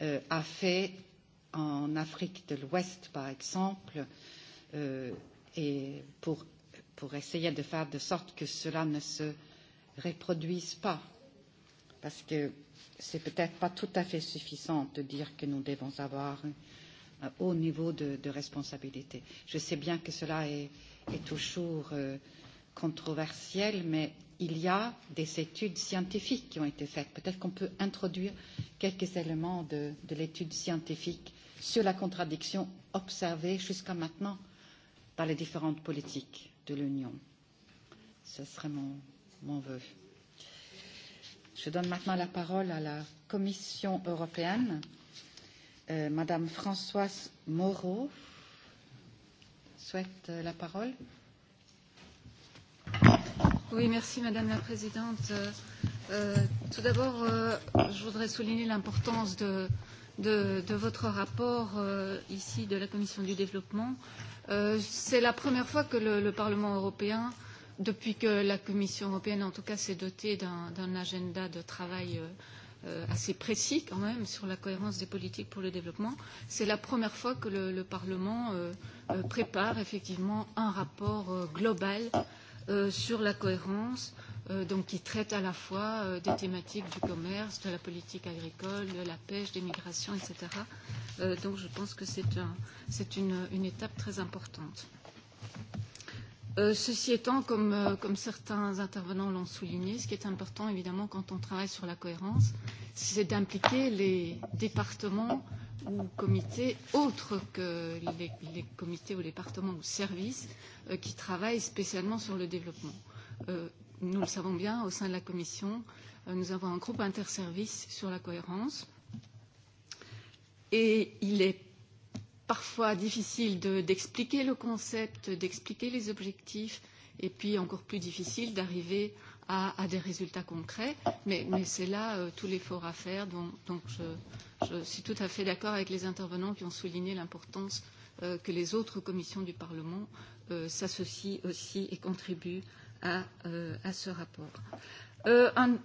euh, a fait en Afrique de l'Ouest, par exemple, euh, et pour, pour essayer de faire de sorte que cela ne se reproduise pas. Parce que c'est peut-être pas tout à fait suffisant de dire que nous devons avoir haut euh, niveau de, de responsabilité. Je sais bien que cela est, est toujours euh, controversiel, mais il y a des études scientifiques qui ont été faites. Peut-être qu'on peut introduire quelques éléments de, de l'étude scientifique sur la contradiction observée jusqu'à maintenant dans les différentes politiques de l'Union. Ce serait mon, mon vœu. Je donne maintenant la parole à la Commission européenne. Euh, Madame Françoise Moreau souhaite euh, la parole. Oui, merci Madame la Présidente. Euh, euh, tout d'abord, euh, je voudrais souligner l'importance de, de, de votre rapport euh, ici de la Commission du développement. Euh, C'est la première fois que le, le Parlement européen depuis que la Commission européenne, en tout cas, s'est dotée d'un agenda de travail euh, assez précis quand même sur la cohérence des politiques pour le développement. C'est la première fois que le, le Parlement euh, euh, prépare effectivement un rapport euh, global euh, sur la cohérence, euh, donc qui traite à la fois euh, des thématiques du commerce, de la politique agricole, de la pêche, des migrations, etc. Euh, donc je pense que c'est un, une, une étape très importante. Euh, ceci étant, comme, euh, comme certains intervenants l'ont souligné, ce qui est important évidemment quand on travaille sur la cohérence, c'est d'impliquer les départements ou comités autres que les, les comités ou départements ou services euh, qui travaillent spécialement sur le développement. Euh, nous le savons bien, au sein de la Commission, euh, nous avons un groupe interservice sur la cohérence et il est parfois difficile d'expliquer de, le concept, d'expliquer les objectifs, et puis encore plus difficile d'arriver à, à des résultats concrets. Mais, mais c'est là euh, tout l'effort à faire. Donc, donc je, je suis tout à fait d'accord avec les intervenants qui ont souligné l'importance euh, que les autres commissions du Parlement euh, s'associent aussi et contribuent à, euh, à ce rapport. Euh, un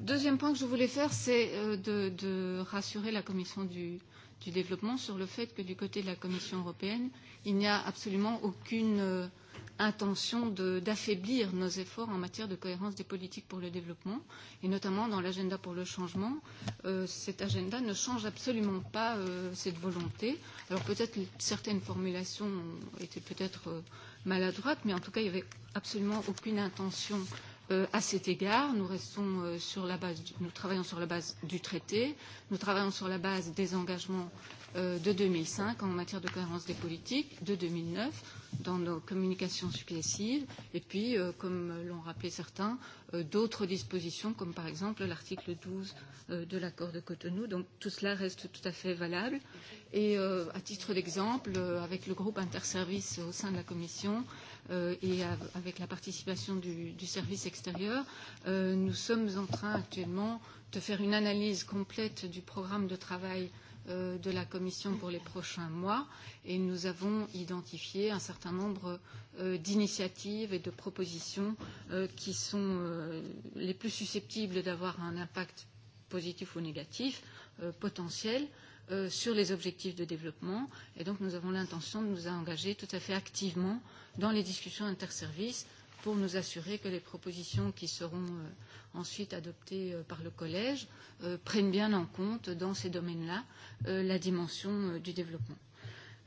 deuxième point que je voulais faire, c'est euh, de, de rassurer la commission du Parlement du développement sur le fait que du côté de la Commission européenne, il n'y a absolument aucune euh, intention d'affaiblir nos efforts en matière de cohérence des politiques pour le développement, et notamment dans l'agenda pour le changement. Euh, cet agenda ne change absolument pas euh, cette volonté. Alors peut-être certaines formulations étaient peut-être euh, maladroites, mais en tout cas, il n'y avait absolument aucune intention euh, Euh, à cet égard, nous, restons, euh, sur la base, nous travaillons sur la base du traité, nous travaillons sur la base des engagements euh, de deux mille cinq en matière de cohérence des politiques, de deux mille neuf dans nos communications successives, et puis, comme l'ont rappelé certains, d'autres dispositions, comme par exemple l'article douze de l'accord de Cotonou. Donc tout cela reste tout à fait valable. Et à titre d'exemple, avec le groupe interservices au sein de la Commission, euh, et av avec la participation du, du service extérieur, euh, nous sommes en train actuellement de faire une analyse complète du programme de travail euh, de la Commission pour les prochains mois et nous avons identifié un certain nombre euh, d'initiatives et de propositions euh, qui sont les plus susceptibles d'avoir un impact positif ou négatif potentiel euh, euh, sur les objectifs de développement. Et donc, nous avons l'intention de nous engager tout à fait activement dans les discussions interservices pour nous assurer que les propositions qui seront euh, ensuite adoptées euh, par le Collège euh, prennent bien en compte dans ces domaines-là euh, la dimension euh, du développement.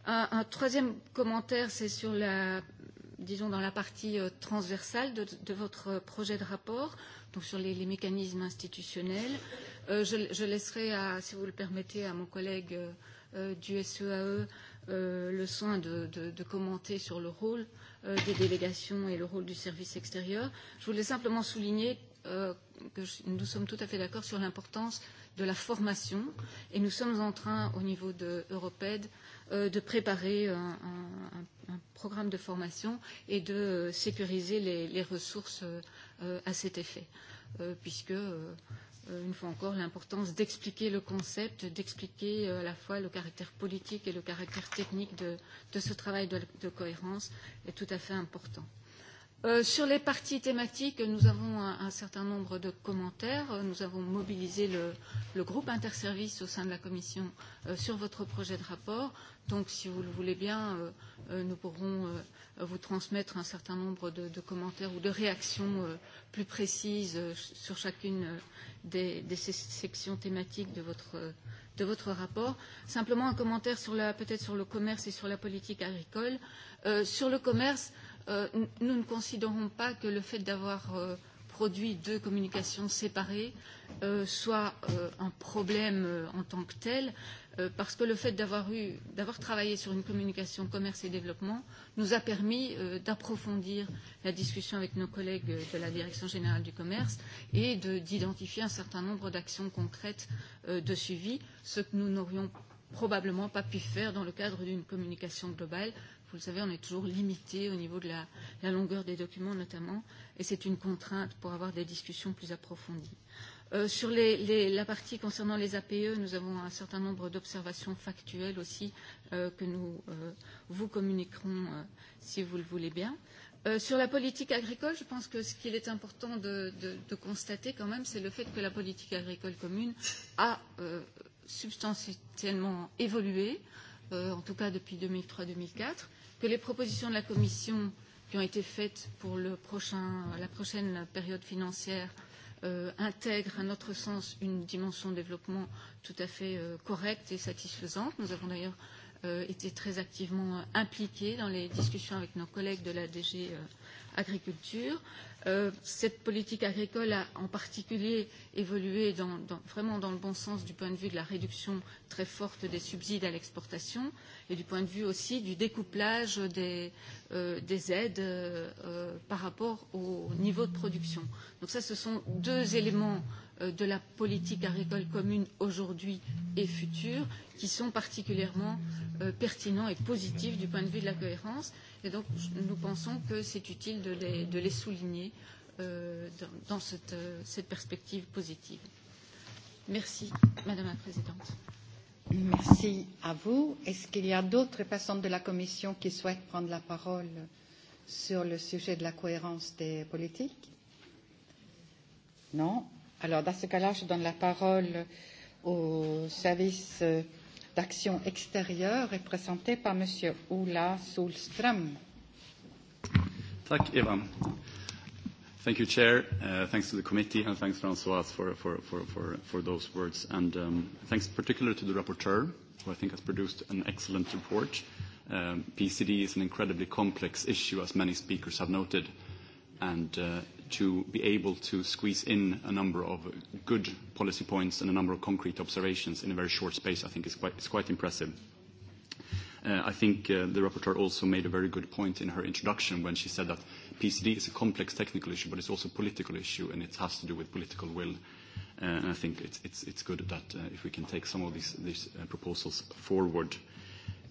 Un, un troisième commentaire, c'est sur la, disons, dans la partie euh, transversale de, de votre euh, projet de rapport, donc sur les, les mécanismes institutionnels. Euh, Euh, je, je laisserai, à, si vous le permettez, à mon collègue euh, euh du SEAE e, euh, le soin de, de, de commenter sur le rôle euh, des délégations et le rôle du service extérieur. Je voulais simplement souligner euh, que je, nous sommes tout à fait d'accord sur l'importance de la formation et nous sommes en train, au niveau de Europed, euh, de préparer un, un, un programme de formation et de euh, sécuriser les, les ressources euh, à cet effet, euh, puisque euh, Euh, une fois encore, l'importance d'expliquer le concept, d'expliquer euh, à la fois le caractère politique et le caractère technique de, de ce travail de, de cohérence est tout à fait important. Euh, sur les parties thématiques, nous avons un, un certain nombre de commentaires. Nous avons mobilisé le, le groupe interservice au sein de la Commission euh, sur votre projet de rapport. Donc, si vous le voulez bien, euh, euh, nous pourrons euh, vous transmettre un certain nombre de, de commentaires ou de réactions euh, plus précises euh, sur chacune euh, des, des sections thématiques de votre, de votre rapport. Simplement un commentaire peut-être sur le commerce et sur la politique agricole. Euh, sur le commerce, euh, Euh, nous ne considérons pas que le fait d'avoir euh, produit deux communications séparées euh, soit euh, un problème euh, en tant que tel, euh, parce que le fait d'avoir travaillé sur une communication commerce et développement nous a permis euh, d'approfondir la discussion avec nos collègues de la Direction générale du commerce et d'identifier un certain nombre d'actions concrètes euh, de suivi, ce que nous n'aurions probablement pas pu faire dans le cadre d'une communication globale Vous le savez, on est toujours limité au niveau de la, la longueur des documents notamment, et c'est une contrainte pour avoir des discussions plus approfondies. Euh, sur les, les, la partie concernant les APE, nous avons un certain nombre d'observations factuelles aussi euh, que nous euh, vous communiquerons euh, si vous le voulez bien. Euh, sur la politique agricole, je pense que ce qu'il est important de, de, de constater quand même, c'est le fait que la politique agricole commune a euh, substantiellement évolué, euh, en tout cas depuis 2003-2004 que les propositions de la Commission qui ont été faites pour le prochain, la prochaine période financière euh, intègrent, à notre sens, une dimension de développement tout à fait euh, correcte et satisfaisante. Nous avons d'ailleurs euh, été très activement euh, impliqués dans les discussions avec nos collègues de la DG euh, Agriculture. Euh, cette politique agricole a en particulier évolué dans, dans, vraiment dans le bon sens du point de vue de la réduction très forte des subsides à l'exportation et du point de vue aussi du découplage des, euh, des aides euh, euh, par rapport au niveau de production. Donc ça, ce sont deux éléments euh, de la politique agricole commune aujourd'hui et future qui sont particulièrement euh, pertinents et positifs du point de vue de la cohérence. Et donc, nous pensons que c'est utile de les, de les souligner euh, dans, dans cette, euh, cette perspective positive. Merci, Madame la Présidente. Merci à vous. Est-ce qu'il y a d'autres personnes de la Commission qui souhaitent prendre la parole sur le sujet de la cohérence des politiques Non Alors, dans ce cas-là, je donne la parole au service d'action extérieure représenté par M. Ola Solström. Tack, Eva. Thank you, Chair. Uh, thanks to the committee, and thanks, Françoise, for for for for for those words. and um, Thanks particularly to the rapporteur, who I think has produced an excellent report. Um, PCD is an incredibly complex issue, as many speakers have noted, and uh, to be able to squeeze in a number of good policy points and a number of concrete observations in a very short space, I think is quite, is quite impressive. Uh, I think uh, the rapporteur also made a very good point in her introduction when she said that PCD is a complex technical issue, but it's also a political issue, and it has to do with political will. Uh, and I think it's, it's, it's good that uh, if we can take some of these, these uh, proposals forward.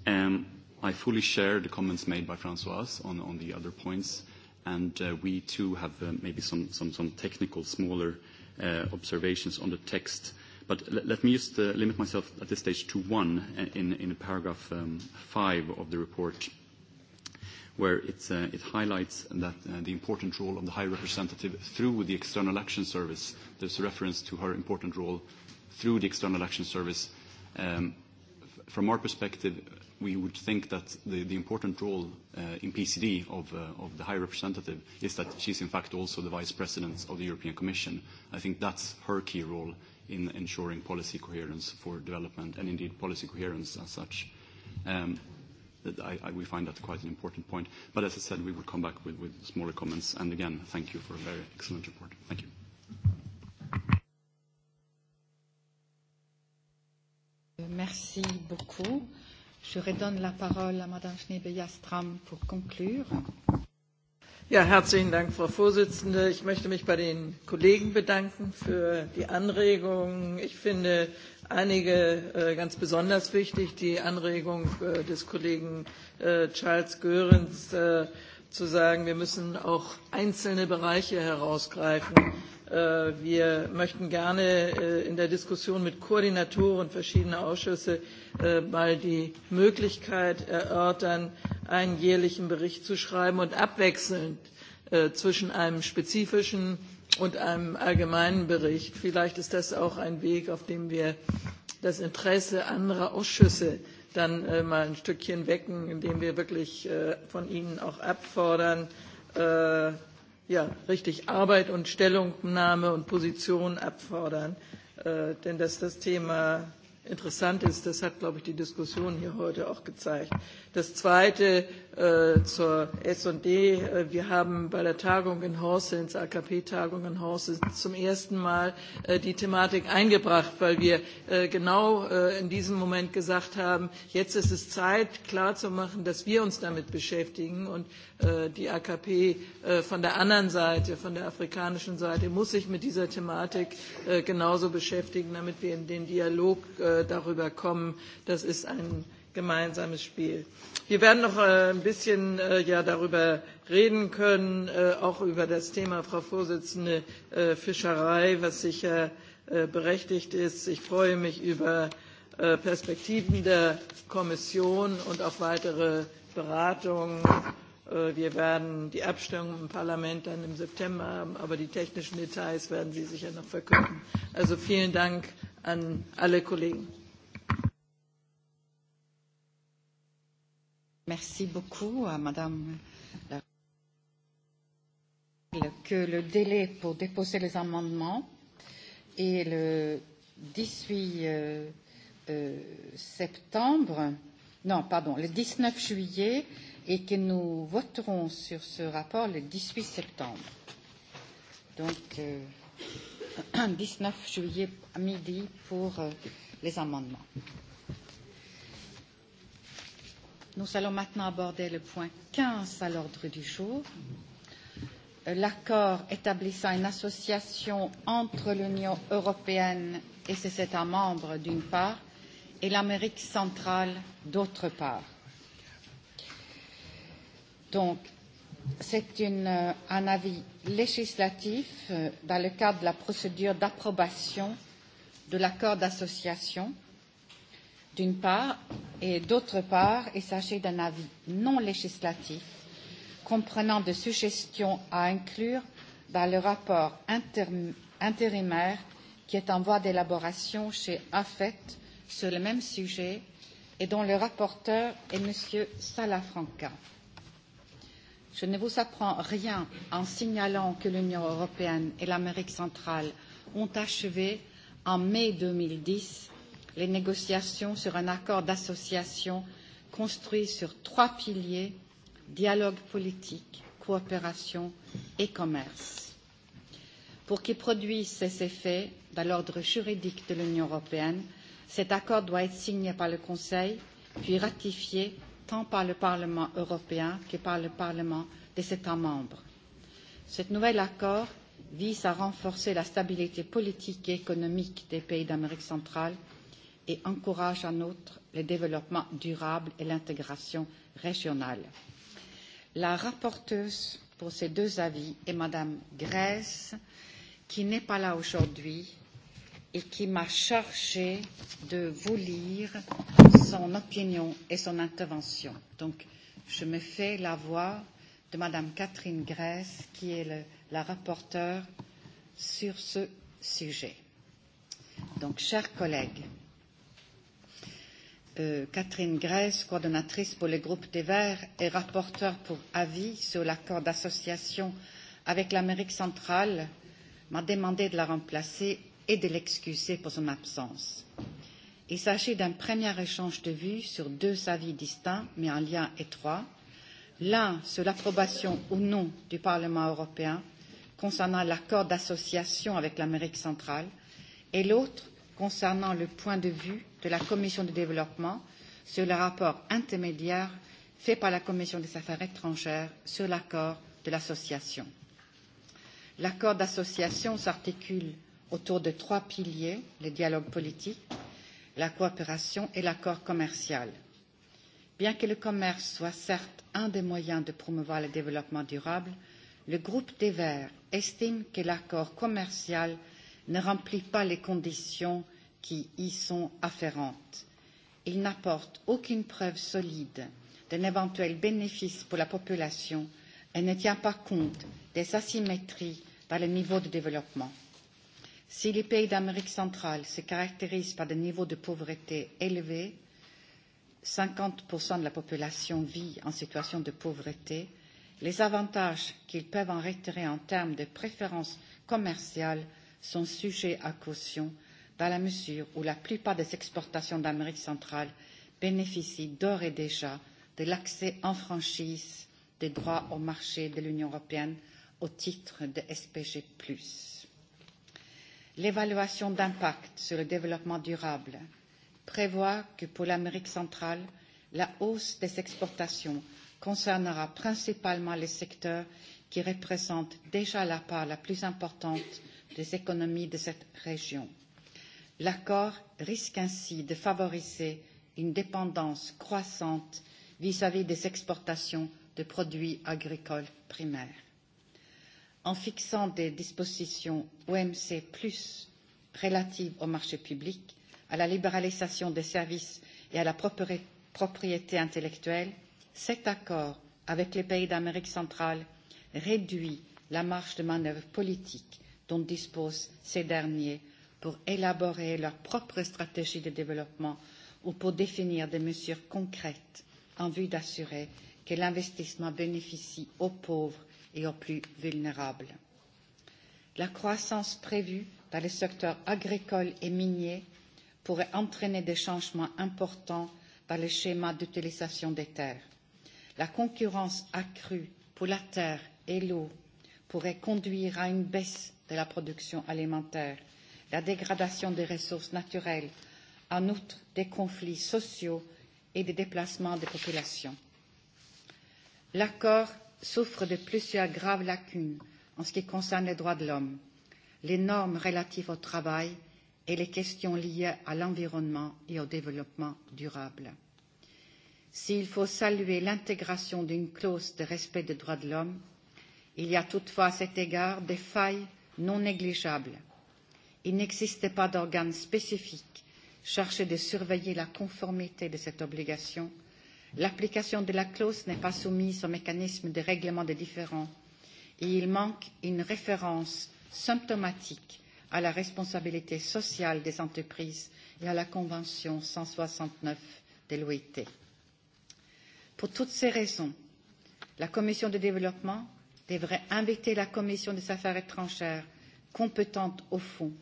Um, I fully share the comments made by Françoise on, on the other points, and uh, we too have uh, maybe some, some, some technical, smaller uh, observations on the text. But l- let me just uh, limit myself at this stage to one uh, in, in paragraph um, five of the report where uh, it, highlights that, uh, the important role of the High Representative through the External Action Service. There's a reference to her important role through the External Action Service. Um, from our perspective, we would think that the, the important role uh, in PCD of, uh, of the High Representative is that she's in fact also the Vice President of the European Commission. I think that's her key role in ensuring policy coherence for development and indeed policy coherence as such. Um, we find that quite an important point. But as I said, we will come back with, smaller comments. And again, thank you for a very excellent report. Thank you. Merci beaucoup. Je redonne la parole à Madame Schneebe-Jastram pour conclure. Ja, herzlichen Dank, Frau Vorsitzende. Ich möchte mich bei den Kollegen bedanken für die Anregungen. Ich finde, einige äh, ganz besonders wichtig die anregung äh, des kollegen äh, charles goerens zu sagen wir müssen auch einzelne bereiche herausgreifen. wir möchten gerne in der diskussion mit koordinatoren verschiedener ausschüsse mal die möglichkeit erörtern einen jährlichen bericht zu schreiben und abwechselnd zwischen einem spezifischen und einem allgemeinen Bericht. Vielleicht ist das auch ein Weg, auf dem wir das Interesse anderer Ausschüsse dann äh, mal ein Stückchen wecken, indem wir wirklich äh, von ihnen auch abfordern, äh, ja, richtig Arbeit und Stellungnahme und Position abfordern. Äh, denn dass das Thema interessant ist, das hat, glaube ich, die Diskussion hier heute auch gezeigt. Das Zweite äh, zur S&D. Äh, wir haben bei der Tagung in Horsens, AKP-Tagung in Horsens, zum ersten Mal äh, die Thematik eingebracht, weil wir äh, genau äh, in diesem Moment gesagt haben, jetzt ist es Zeit, klarzumachen, dass wir uns damit beschäftigen und äh, die AKP von der anderen Seite, von der afrikanischen Seite, muss sich mit dieser Thematik genauso beschäftigen, damit wir in den Dialog darüber kommen. Das ist ein gemeinsames Spiel. Wir werden noch äh, ein bisschen äh, ja, darüber reden können, äh, auch über das Thema, Frau Vorsitzende, Fischerei, was sicher berechtigt ist. Ich freue mich über Perspektiven der Kommission und auf weitere Beratungen. Wir werden die Abstimmung im Parlament dann im September haben, aber die technischen Details werden Sie sicher noch verkünden. Also vielen Dank an alle Kollegen. Merci beaucoup à Madame la que le délai pour déposer les amendements est le 18 euh, euh, septembre, non, pardon, le 19 juillet et que nous voterons sur ce rapport le 18 septembre. Donc, euh, 19 juillet à midi pour euh, les amendements. Nous allons maintenant aborder le point 15 à l'ordre du jour. Euh, l'accord établissant une association entre l'Union européenne et ses États membres d'une part et l'Amérique centrale d'autre part. Donc, c'est euh, un avis législatif euh, dans le cadre de la procédure d'approbation de l'accord d'association d'une part, et d'autre part, il s'agit d'un avis non législatif comprenant des suggestions à inclure dans le rapport intérimaire qui est en voie d'élaboration chez AFET sur le même sujet et dont le rapporteur est M. Salafranca. Je ne vous apprends rien en signalant que l'Union européenne et l'Amérique centrale ont achevé en mai deux mille dix les négociations sur un accord d'association construit sur trois piliers dialogue politique, coopération et commerce. Pour qu'il produise ses effets dans l'ordre juridique de l'Union européenne, cet accord doit être signé par le Conseil, puis ratifié tant par le Parlement européen que par le Parlement des États membres. Ce nouvel accord vise à renforcer la stabilité politique et économique des pays d'Amérique centrale et encourage en outre le développement durable et l'intégration régionale. La rapporteuse pour ces deux avis est Madame Grèce, qui n'est pas là aujourd'hui et qui m'a chargé de vous lire son opinion et son intervention. Donc, je me fais la voix de Madame Catherine Grèce, qui est le, la rapporteure sur ce sujet. Donc, chers collègues, Euh, Catherine Grèce, coordonnatrice pour le groupe des Verts et rapporteure pour avis sur l'accord d'association avec l'Amérique centrale, m'a demandé de la remplacer et de l'excuser pour son absence. Il s'agit d'un premier échange de vues sur deux avis distincts, mais en lien étroit. L'un sur l'approbation ou non du Parlement européen concernant l'accord d'association avec l'Amérique centrale et l'autre concernant le point de vue de la Commission du développement sur le rapport intermédiaire fait par la Commission des affaires étrangères sur l'accord de l'association. L'accord d'association s'articule autour de trois piliers le dialogue politique, la coopération et l'accord commercial. Bien que le commerce soit certes un des moyens de promouvoir le développement durable, le groupe des Verts estime que l'accord commercial ne remplit pas les conditions qui y sont afférentes. Il n'apporte aucune preuve solide d'un éventuel bénéfice pour la population et ne tient pas compte des asymétries par le niveau de développement. Si les pays d'Amérique centrale se caractérisent par des niveaux de pauvreté élevés, 50% de la population vit en situation de pauvreté, les avantages qu'ils peuvent en retirer en termes de préférences commerciales sont sujets à caution dans la mesure où la plupart des exportations d'Amérique centrale bénéficient d'ores et déjà de l'accès en franchise des droits au marché de l'Union européenne au titre de SPG. L'évaluation d'impact sur le développement durable prévoit que pour l'Amérique centrale, la hausse des exportations concernera principalement les secteurs qui représentent déjà la part la plus importante des économies de cette région l'accord risque ainsi de favoriser une dépendance croissante vis à vis des exportations de produits agricoles primaires. En fixant des dispositions OMC relatives au marché public, à la libéralisation des services et à la propriété intellectuelle, cet accord avec les pays d'Amérique centrale réduit la marge de manœuvre politique dont disposent ces derniers pour élaborer leur propre stratégie de développement ou pour définir des mesures concrètes en vue d'assurer que l'investissement bénéficie aux pauvres et aux plus vulnérables. La croissance prévue dans le secteur agricole et minier pourrait entraîner des changements importants dans le schéma d'utilisation des terres. La concurrence accrue pour la terre et l'eau pourrait conduire à une baisse de la production alimentaire la dégradation des ressources naturelles, en outre des conflits sociaux et des déplacements des populations. L'accord souffre de plusieurs graves lacunes en ce qui concerne les droits de l'homme, les normes relatives au travail et les questions liées à l'environnement et au développement durable. S'il faut saluer l'intégration d'une clause de respect des droits de l'homme, il y a toutefois à cet égard des failles non négligeables il n'existait pas d'organe spécifique chargé de surveiller la conformité de cette obligation. L'application de la clause n'est pas soumise au mécanisme de règlement des différends et il manque une référence symptomatique à la responsabilité sociale des entreprises et à la Convention cent soixante neuf de l'OIT. Pour toutes ces raisons, la Commission du de développement devrait inviter la Commission des affaires étrangères compétente au fond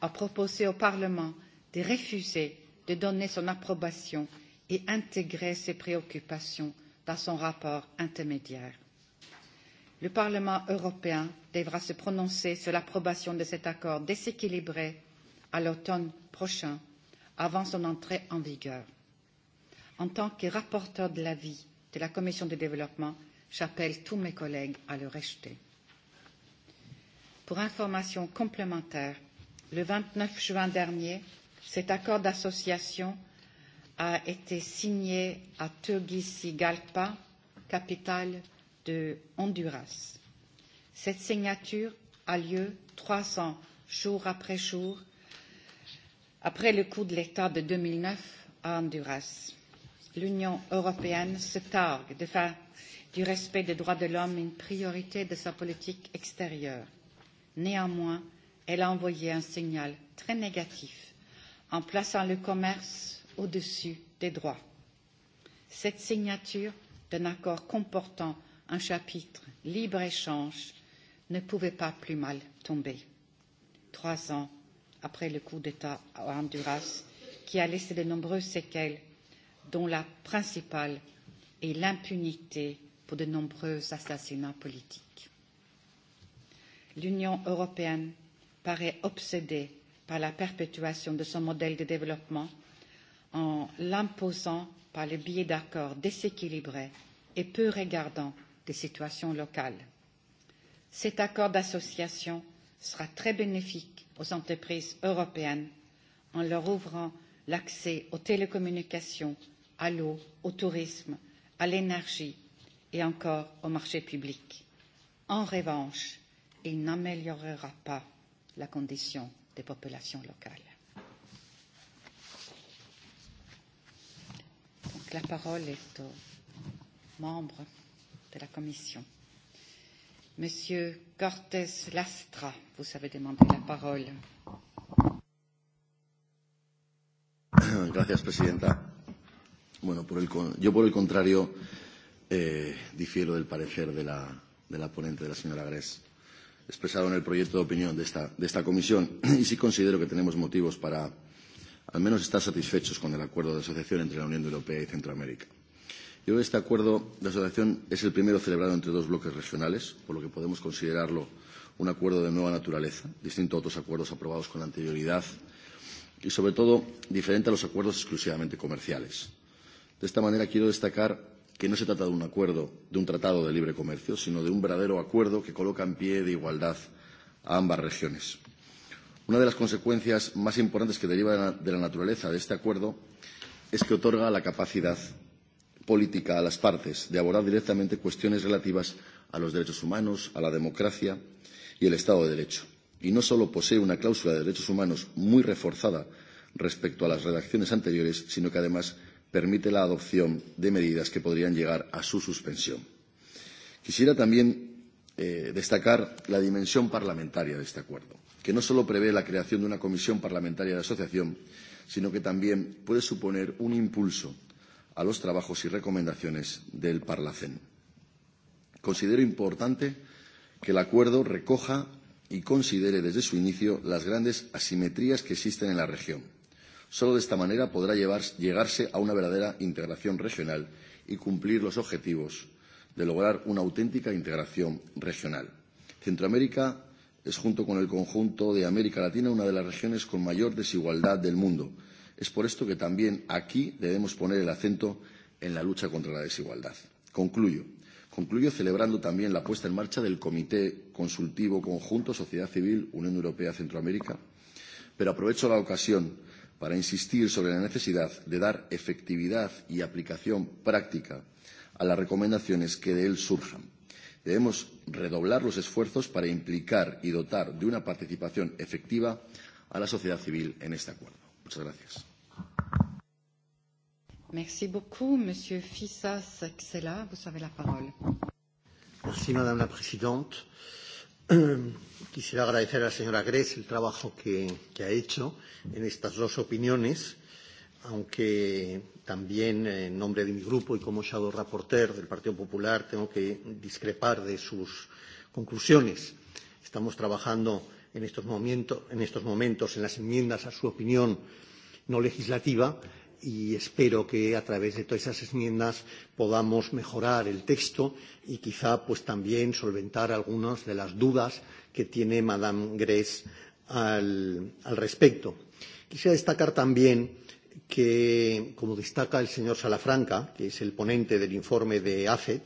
a proposé au Parlement de refuser de donner son approbation et intégrer ses préoccupations dans son rapport intermédiaire. Le Parlement européen devra se prononcer sur l'approbation de cet accord déséquilibré à l'automne prochain, avant son entrée en vigueur. En tant que rapporteur de l'avis de la Commission du développement, j'appelle tous mes collègues à le rejeter. Pour information complémentaire, le vingt neuf juin dernier cet accord d'association a été signé à Tegucigalpa, capitale de Honduras. Cette signature a lieu trois jours jour après jour après le coup de l'État de deux mille neuf à Honduras. L'Union européenne se targue de faire du respect des droits de l'homme une priorité de sa politique extérieure. Néanmoins, elle a envoyé un signal très négatif en plaçant le commerce au-dessus des droits. Cette signature d'un accord comportant un chapitre libre-échange ne pouvait pas plus mal tomber. Trois ans après le coup d'État à Honduras, qui a laissé de nombreuses séquelles, dont la principale est l'impunité pour de nombreux assassinats politiques. L'Union européenne paraît obsédé par la perpétuation de son modèle de développement en l'imposant par le biais d'accords déséquilibrés et peu regardants des situations locales. Cet accord d'association sera très bénéfique aux entreprises européennes en leur ouvrant l'accès aux télécommunications, à l'eau, au tourisme, à l'énergie et encore aux marchés publics. En revanche, il n'améliorera pas la condition des populations locales. Donc, la parole est aux membres de la Commission. Monsieur Cortés Lastra, vous avez demandé la parole. Gracias, Presidenta. Bueno, por el, yo por el contrario eh, difiero del parecer de la, de la ponente, de la señora Gress. Eh, expresado en el proyecto de opinión de esta, de esta comisión y sí considero que tenemos motivos para al menos estar satisfechos con el acuerdo de asociación entre la Unión Europea y Centroamérica. Yo creo que este acuerdo de asociación es el primero celebrado entre dos bloques regionales, por lo que podemos considerarlo un acuerdo de nueva naturaleza, distinto a otros acuerdos aprobados con anterioridad y, sobre todo, diferente a los acuerdos exclusivamente comerciales. De esta manera, quiero destacar que no se trata de un acuerdo, de un tratado de libre comercio, sino de un verdadero acuerdo que coloca en pie de igualdad a ambas regiones. Una de las consecuencias más importantes que deriva de la naturaleza de este acuerdo es que otorga la capacidad política a las partes de abordar directamente cuestiones relativas a los derechos humanos, a la democracia y el Estado de Derecho. Y no solo posee una cláusula de derechos humanos muy reforzada respecto a las redacciones anteriores, sino que además permite la adopción de medidas que podrían llegar a su suspensión. Quisiera también eh, destacar la dimensión parlamentaria de este acuerdo, que no solo prevé la creación de una comisión parlamentaria de asociación, sino que también puede suponer un impulso a los trabajos y recomendaciones del Parlacén. Considero importante que el acuerdo recoja y considere desde su inicio las grandes asimetrías que existen en la región Solo de esta manera podrá llevar, llegarse a una verdadera integración regional y cumplir los objetivos de lograr una auténtica integración regional. Centroamérica es, junto con el conjunto de América Latina, una de las regiones con mayor desigualdad del mundo. Es por esto que también aquí debemos poner el acento en la lucha contra la desigualdad. Concluyo. Concluyo celebrando también la puesta en marcha del Comité Consultivo Conjunto Sociedad Civil Unión Europea Centroamérica, pero aprovecho la ocasión para insistir sobre la necesidad de dar efectividad y aplicación práctica a las recomendaciones que de él surjan. Debemos redoblar los esfuerzos para implicar y dotar de una participación efectiva a la sociedad civil en este acuerdo. Muchas gracias. Merci beaucoup, Monsieur Vous avez la parole. Merci, Madame la Présidente. Euh, Quisiera agradecer a la señora Gress el trabajo que, que ha hecho en estas dos opiniones, aunque también eh, en nombre de mi grupo y como shadow rapporteur del Partido Popular tengo que discrepar de sus conclusiones. Estamos trabajando en estos, momentos, en estos momentos en las enmiendas a su opinión no legislativa y espero que a través de todas esas enmiendas podamos mejorar el texto y quizá pues también solventar algunas de las dudas que tiene Madame Gress al, al respecto. Quisiera destacar también que, como destaca el señor Salafranca, que es el ponente del informe de AFET,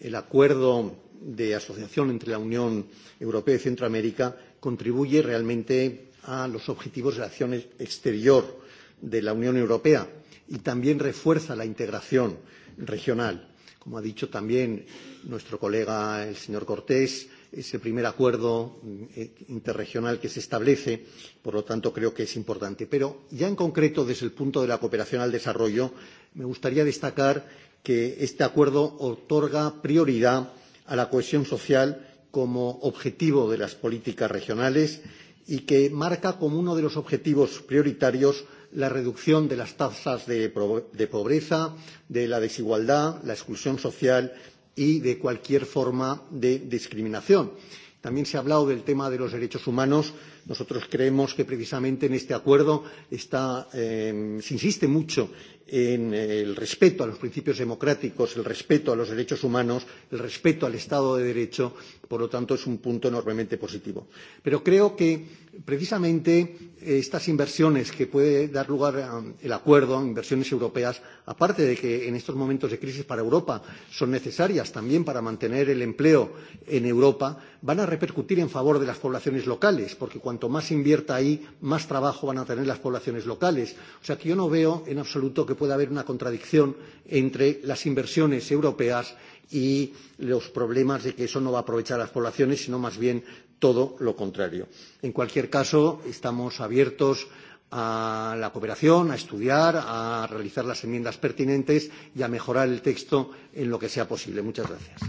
el acuerdo de asociación entre la Unión Europea y Centroamérica contribuye realmente a los objetivos de la acción exterior de la Unión Europea y también refuerza la integración regional. Como ha dicho también nuestro colega el señor Cortés, ese primer acuerdo eh, interregional que se establece, por lo tanto creo que es importante. Pero ya en concreto, desde el punto de la cooperación al desarrollo, me gustaría destacar que este acuerdo otorga prioridad a la cohesión social como objetivo de las políticas regionales y que marca como uno de los objetivos prioritarios la reducción de las tasas de, de pobreza, de la desigualdad, la exclusión social y de cualquier forma de discriminación. También se ha hablado del tema de los derechos humanos. Nosotros creemos que precisamente en este acuerdo está, eh, se insiste mucho en el respeto a los principios democráticos, el respeto a los derechos humanos, el respeto al Estado de Derecho, por lo tanto es un punto enormemente positivo. Pero creo que precisamente estas inversiones que puede dar lugar el acuerdo, inversiones europeas, aparte de que en estos momentos de crisis para Europa son necesarias también para mantener el empleo en Europa, van a repercutir en favor de las poblaciones locales, porque cuanto más se invierta ahí, más trabajo van a tener las poblaciones locales. O sea que yo no veo en absoluto que puede haber una contradicción entre las inversiones europeas y los problemas de que eso no va a aprovechar a las poblaciones, sino más bien todo lo contrario. En cualquier caso, estamos abiertos a la cooperación, a estudiar, a realizar las enmiendas pertinentes y a mejorar el texto en lo que sea posible. Muchas gracias.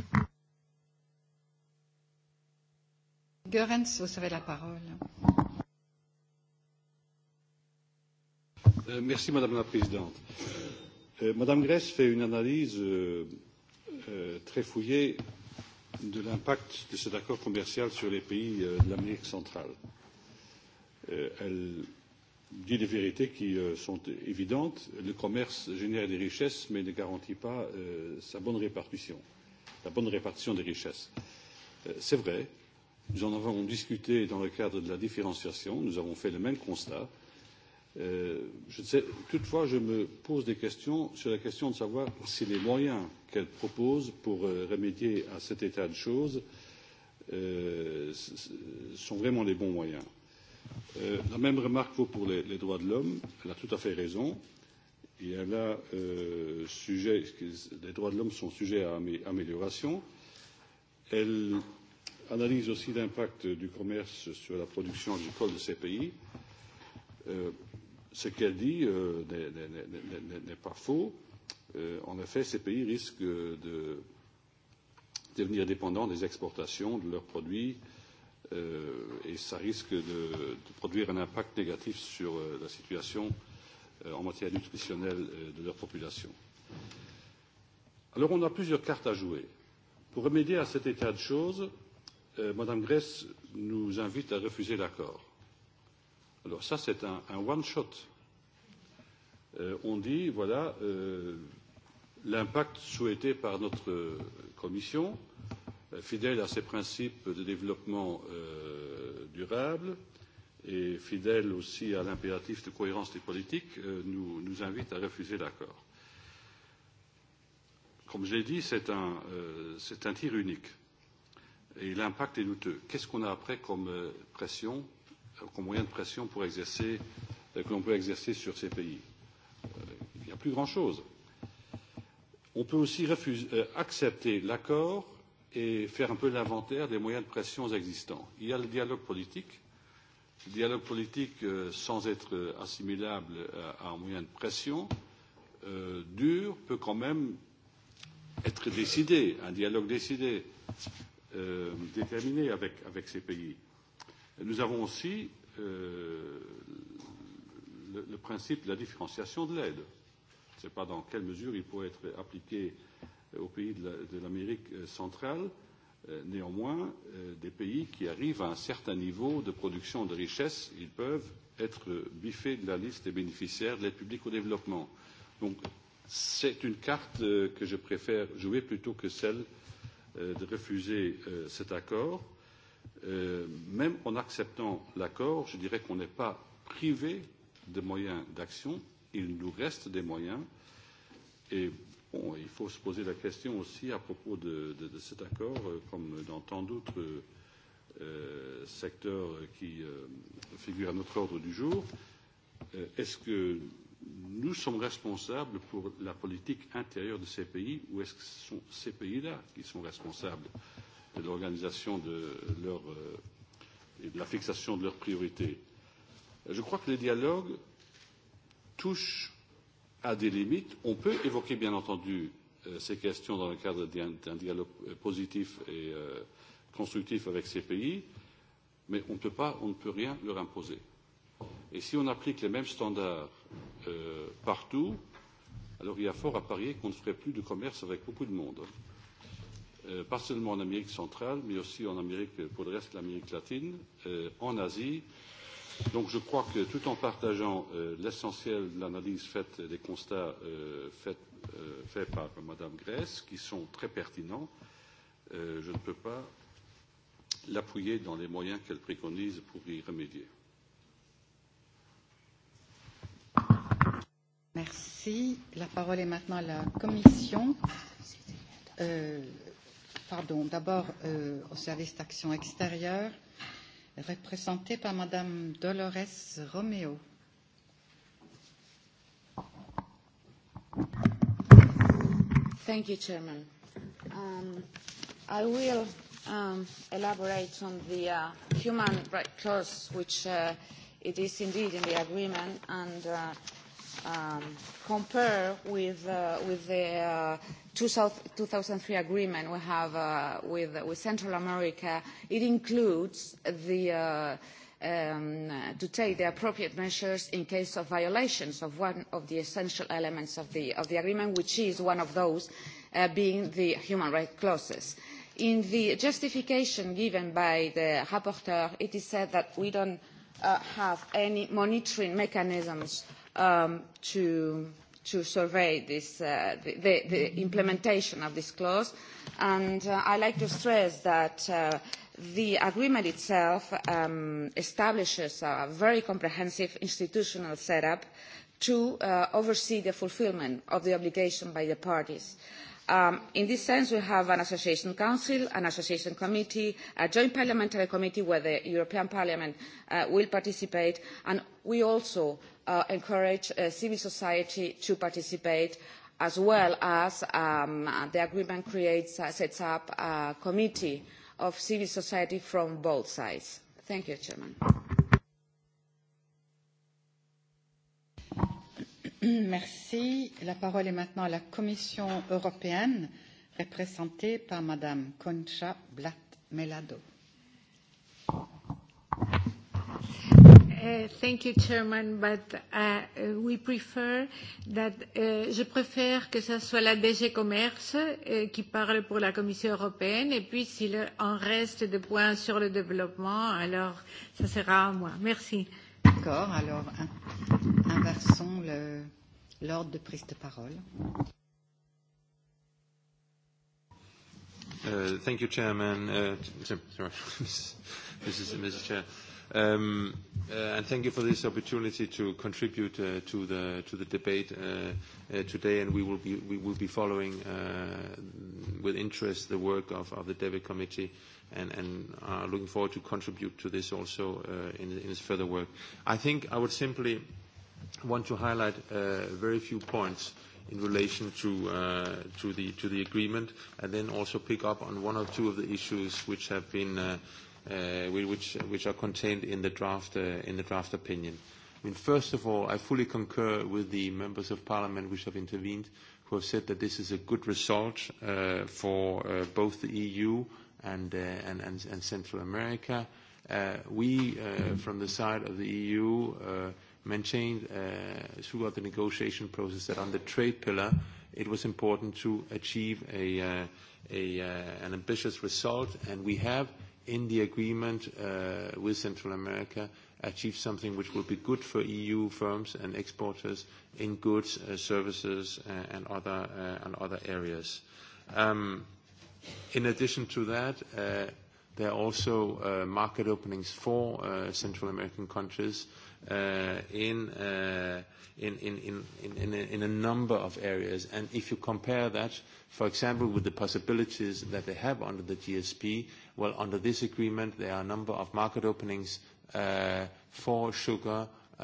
vous avez la parole. Euh, merci, Madame la Présidente. Euh, madame Grèce fait une analyse euh, très fouillée de l'impact de cet accord commercial sur les pays de l'Amérique centrale. elle dit des vérités qui sont évidentes. Le commerce génère des richesses, mais ne garantit pas sa bonne répartition, la bonne répartition des richesses. C'est vrai, nous en avons discuté dans le cadre de la différenciation, nous avons fait le même constat. Euh, je sais, toutefois, je me pose des questions sur la question de savoir si les moyens qu'elle propose pour euh, remédier à cet état de choses euh, sont vraiment les bons moyens. Euh, la même remarque vaut pour les, les droits de l'homme. Elle a tout à fait raison. Il y a là euh, sujet, les droits de l'homme sont sujets à amélioration. Elle analyse aussi l'impact du commerce sur la production agricole de ces pays. Euh, ce qu'elle dit euh, n'est pas faux. Euh, en effet, ces pays risquent de devenir dépendants des exportations de leurs produits euh, et ça risque de, de produire un impact négatif sur la situation en matière nutritionnelle de leur population. Alors on a plusieurs cartes à jouer. Pour remédier à cet état de choses, madame Mme Grèce nous invite à refuser l'accord Alors ça, c'est un, un one-shot. Euh, on dit, voilà, euh, l'impact souhaité par notre euh, commission, euh, fidèle à ses principes de développement euh, durable et fidèle aussi à l'impératif de cohérence des politiques, euh, nous, nous invite à refuser l'accord. Comme je l'ai dit, c'est un, euh, un tir unique et l'impact est douteux. Qu'est-ce qu'on a après comme euh, pression comme moyen de pression pour exercer, euh, que l'on peut exercer sur ces pays. Euh, il n'y a plus grand-chose. On peut aussi refuser, euh, accepter l'accord et faire un peu l'inventaire des moyens de pression existants. Il y a le dialogue politique, le dialogue politique sans être assimilable à un moyen de pression euh, dur peut quand même être décidé, un dialogue décidé, euh, déterminé avec, avec ces pays. Nous avons aussi euh, le, le principe de la différenciation de l'aide. Je ne sais pas dans quelle mesure il pourrait être appliqué euh, aux pays de l'Amérique la, euh, centrale. Euh, néanmoins, des pays qui arrivent à un certain niveau de production de richesses, ils peuvent être biffés de la liste des bénéficiaires de l'aide publique au développement. Donc, c'est une carte que je préfère jouer plutôt que celle de refuser cet accord Euh, même en acceptant l'accord, je dirais qu'on n'est pas privé de moyens d'action, il nous reste des moyens. Et bon, il faut se poser la question aussi à propos de, de, de cet accord, euh, comme dans tant d'autres euh, secteurs qui euh, figurent à notre ordre du jour. Euh, est-ce que nous sommes responsables pour la politique intérieure de ces pays ou est-ce que ce sont ces pays-là qui sont responsables euh, et de l'organisation de leur euh, et de la fixation de leurs priorités. Je crois que les dialogues touchent à des limites. On peut évoquer, bien entendu, euh, ces questions dans le cadre d'un dialogue euh, positif et constructif avec ces pays, mais on ne peut pas, on ne peut rien leur imposer. Et si on applique les mêmes standards euh, partout, alors il y a fort à parier qu'on ne ferait plus de commerce avec beaucoup de monde. Euh, pas seulement en Amérique centrale, mais aussi en Amérique, pour le reste l'Amérique latine, euh, en Asie. Donc je crois que tout en partageant euh, l'essentiel de l'analyse faite, des constats faits, faits par Mme Grèce, qui sont très pertinents, je ne peux pas l'appuyer dans les moyens qu'elle préconise pour y remédier. Merci. La parole est maintenant à la Commission. Euh, pardon, d'abord euh, au service d'action extérieure, représenté par Madame Dolores Romeo. Thank you, Chairman. Um, I will um, elaborate on the uh, human rights clause, which uh, it is indeed in the agreement, and uh, um, compare with, uh, with the uh, 2003 agreement we have uh, with, with Central America, it includes the, uh, um, to take the appropriate measures in case of violations of one of the essential elements of the, of the agreement, which is one of those uh, being the human rights clauses. In the justification given by the rapporteur, it is said that we don't uh, have any monitoring mechanisms um, to, to survey this, uh, the, the implementation of this clause. And uh, I like to stress that uh, the agreement itself um, establishes a very comprehensive institutional setup to uh, oversee the fulfilment of the obligation by the parties. Um, in this sense, we have an association council, an association committee, a joint parliamentary committee where the European Parliament uh, will participate, and we also uh, encourage uh, civil society to participate as well as um, uh, the agreement creates, uh, sets up a committee of civil society from both sides. Thank you, Chairman. Merci. La parole est maintenant à la Commission européenne, représentée par Madame Concha Blatt-Melado. Uh, thank you, Chairman, but uh, uh, we prefer that uh, je préfère que ce soit la DG Commerce uh, qui parle pour la Commission européenne et puis s'il en reste des points sur le développement, alors ça sera à moi. Merci. D'accord, alors inversons l'ordre de prise de parole. Uh, thank you, Chairman. Uh, sorry, Mrs. Mrs. Chair. Um, uh, and thank you for this opportunity to contribute uh, to the to the debate uh, uh today, and we will be we will be following uh with interest the work of of the DEVE committee and and are looking forward to contribute to this also uh in in its further work. I think I would simply want to highlight uh very few points in relation to uh, to the to the agreement, and then also pick up on one or two of the issues which have been uh, uh, which, which are contained in the draft, uh, in the draft opinion. I mean, first of all, I fully concur with the members of parliament which have intervened, who have said that this is a good result uh, for uh, both the EU uh, and, Central America. we, uh, from the side of the EU, uh, maintained uh, throughout the negotiation process that on the trade pillar, it was important to achieve a, uh, a, uh, an ambitious result, and we have – in the agreement uh, with Central America achieve something which will be good for EU firms and exporters in goods, uh, services, uh, and other uh, and other areas. Um, in addition to that, uh, there are also uh, market openings for uh, Central American countries uh, in, uh, in, in, in, in, in, a, in a number of areas. And if you compare that, for example, with the possibilities that they have under the GSP, Well, under this agreement, there are a number of market openings uh, for sugar, uh,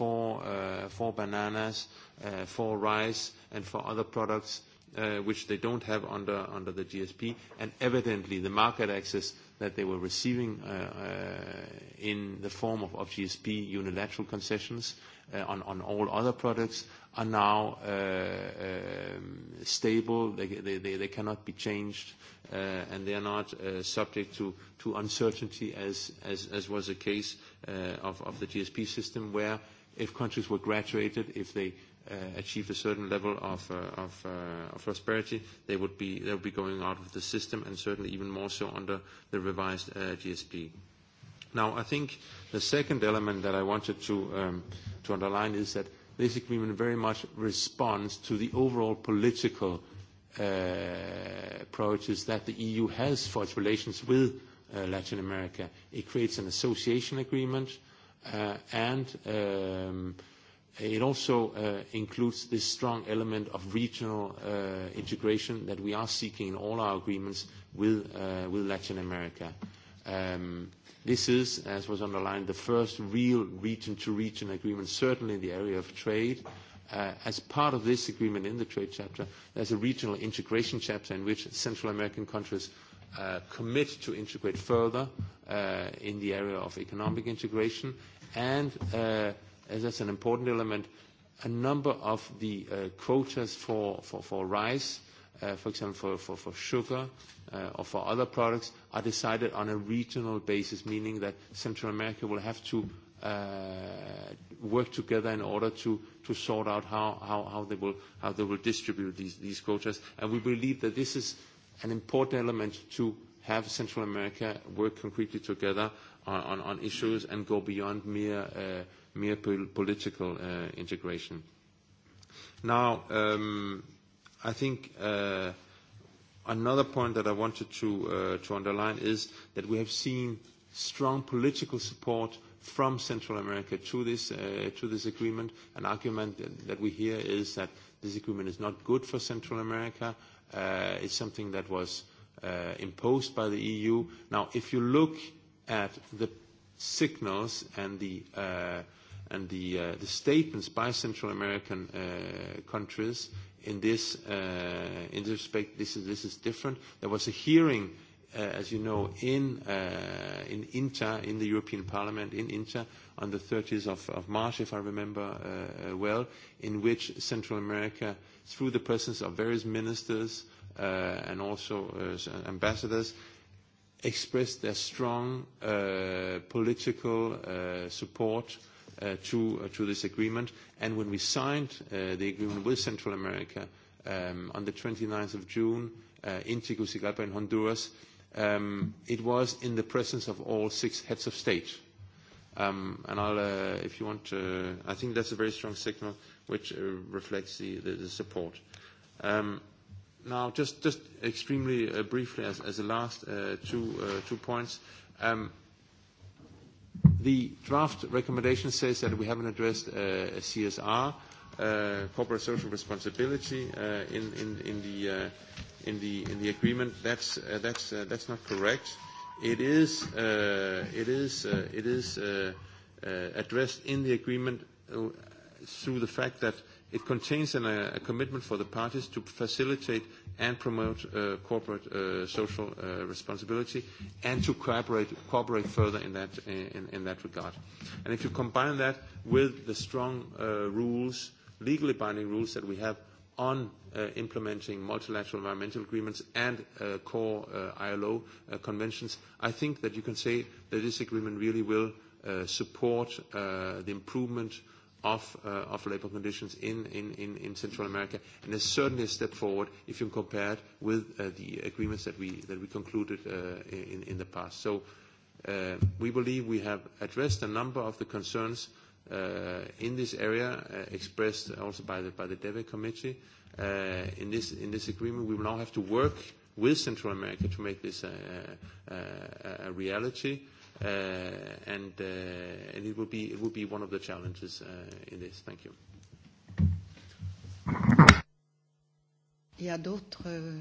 uh, for, bananas, for rice, and for other products which they don't have under, under the GSP. And evidently, the market access that they were receiving in the form of, GSP unilateral concessions on, on all other products are now um, stable. They, they, they, they cannot be changed uh, and they are not uh, subject to, to uncertainty as, as, as was the case uh, of, of the GSP system, where if countries were graduated, if they uh, achieved a certain level of, uh, of, uh, of prosperity, they would, be, they would be going out of the system, and certainly even more so under the revised uh, GSP. Now, I think the second element that I wanted to, um, to underline is that this agreement very much responds to the overall political uh, priorities that the EU has for its relations with uh, Latin America. It creates an association agreement, uh, and um, it also uh, includes this strong element of regional uh, integration that we are seeking in all our agreements with, uh, with Latin America. Um, this is, as was underlined, the first real region-to-region -region agreement, certainly in the area of trade, uh, Uh, as part of this agreement in the trade chapter, there's a regional integration chapter in which Central American countries uh, commit to integrate further uh, in the area of economic integration. And uh, as that's an important element, a number of the uh, quotas for, for, for rice, uh, for example, for, for, for sugar uh, or for other products, are decided on a regional basis, meaning that Central America will have to uh, work together in order to, to sort out how, how, how, they will, how they will distribute these, these quotas. And we believe that this is an important element to have Central America work concretely together on, on, on issues and go beyond mere, uh, political uh, integration. Now, um, I think uh, another point that I wanted to, uh, to underline is that we have seen strong political support from Central America to this, uh, to this agreement. An argument that, we hear is that this agreement is not good for Central America. Uh, it's something that was uh, imposed by the EU. Now, if you look at the signals and the, uh, and the, uh, the statements by Central American uh, countries in this, uh, in this respect, this is, this is different. There was a hearing uh, uh, as you know, in, uh, in INTA, in the European Parliament, in INTA, on the 30th of, of March, if I remember uh, uh, well, in which Central America, through the presence of various ministers uh, and also uh, ambassadors, expressed their strong uh, political uh, support uh, to, uh, to this agreement. And when we signed uh, the agreement with Central America um, on the 29th of June uh, in Tegucigalpa in Honduras, um, it was in the presence of all six heads of state. Um, and I'll, uh, if you want, uh, I think that's a very strong signal which uh, reflects the, the, the support. Um, now, just, just extremely uh, briefly as, as the last uh, two, uh, two points, um, the draft recommendation says that we haven't addressed uh, CSR, uh, corporate social responsibility, uh, in, in, in the uh, in the in the agreement. That's uh, that's uh, that's not correct. It is uh, it is uh, it is uh, uh, addressed in the agreement uh, through the fact that it contains an, uh, a commitment for the parties to facilitate and promote uh, corporate uh, social uh, responsibility and to cooperate, cooperate further in that, in, in that regard. And if you combine that with the strong uh, rules, legally binding rules that we have on uh, implementing multilateral environmental agreements and uh, core uh, ILO uh, conventions, I think that you can say that this agreement really will uh, support uh, the improvement of, uh, of labor conditions in, in, in, in Central America, and is certainly a step forward if you compare it with uh, the agreements that we, that we concluded uh, in, in the past. So uh, we believe we have addressed a number of the concerns uh, uh, in this area uh, expressed also by the, by the DEVE committee. Uh, in, this, in this agreement, we will now have to work with Central America to make this a, uh, a, uh, a reality. Uh, and, uh, and it will be, it will be one of the challenges uh, in this. Thank you. Il y a d'autres euh,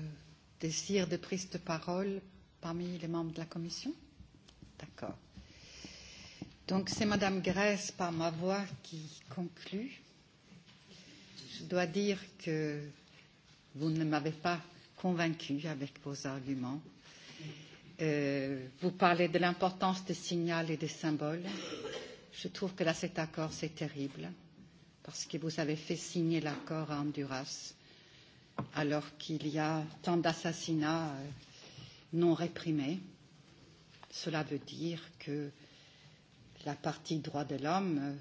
désirs de prise de parole parmi les membres de la Commission D'accord. Donc c'est Madame Grèce par ma voix qui conclut. Je dois dire que vous ne m'avez pas convaincue avec vos arguments. Euh, vous parlez de l'importance des signaux et des symboles. Je trouve que là, cet accord, c'est terrible, parce que vous avez fait signer l'accord à Honduras, alors qu'il y a tant d'assassinats euh, non réprimés. Cela veut dire que la partie droits de l'homme, euh,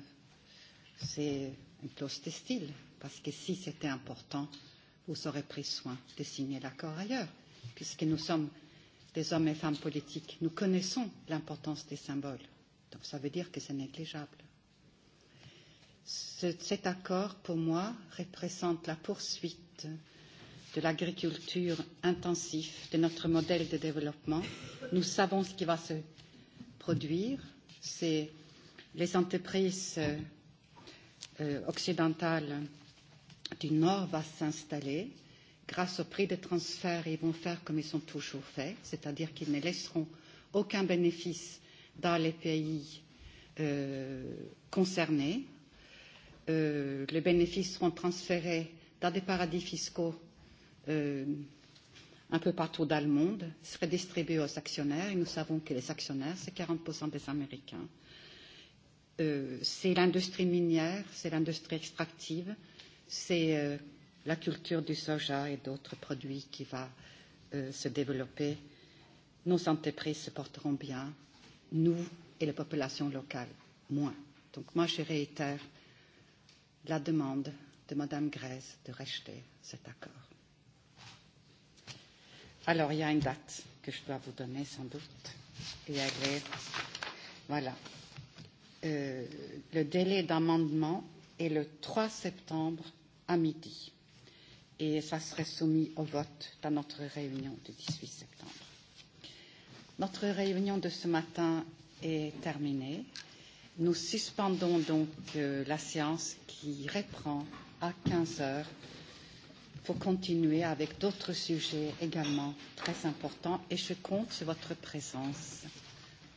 c'est une clause textile, parce que si c'était important, vous aurez pris soin de signer l'accord ailleurs, puisque nous sommes des hommes et femmes politiques. Nous connaissons l'importance des symboles. Donc ça veut dire que c'est négligeable. Ce, cet accord, pour moi, représente la poursuite de l'agriculture intensive, de notre modèle de développement. Nous savons ce qui va se produire c'est les entreprises euh, occidentales du Nord vont s'installer. Grâce au prix de transfert, ils vont faire comme ils ont toujours fait, c'est-à-dire qu'ils ne laisseront aucun bénéfice dans les pays euh, concernés. Euh, les bénéfices seront transférés dans des paradis fiscaux euh, un peu partout dans le monde serait distribué aux actionnaires et nous savons que les actionnaires, c'est 40% des Américains. Euh, c'est l'industrie minière, c'est l'industrie extractive, c'est euh, la culture du soja et d'autres produits qui va euh, se développer. Nos entreprises se porteront bien, nous et les populations locales, moins. Donc moi, je réitère la demande de Mme Grèce de racheter cet accord. Alors, il y a une date que je dois vous donner sans doute. Et elle est. Voilà. Euh, le délai d'amendement est le 3 septembre à midi. Et ça serait soumis au vote dans notre réunion du 18 septembre. Notre réunion de ce matin est terminée. Nous suspendons donc euh, la séance qui reprend à 15 heures faut continuer avec d'autres sujets également très importants et je compte sur votre présence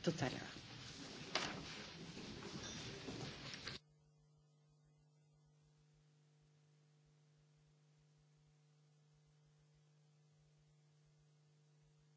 tout à l'heure.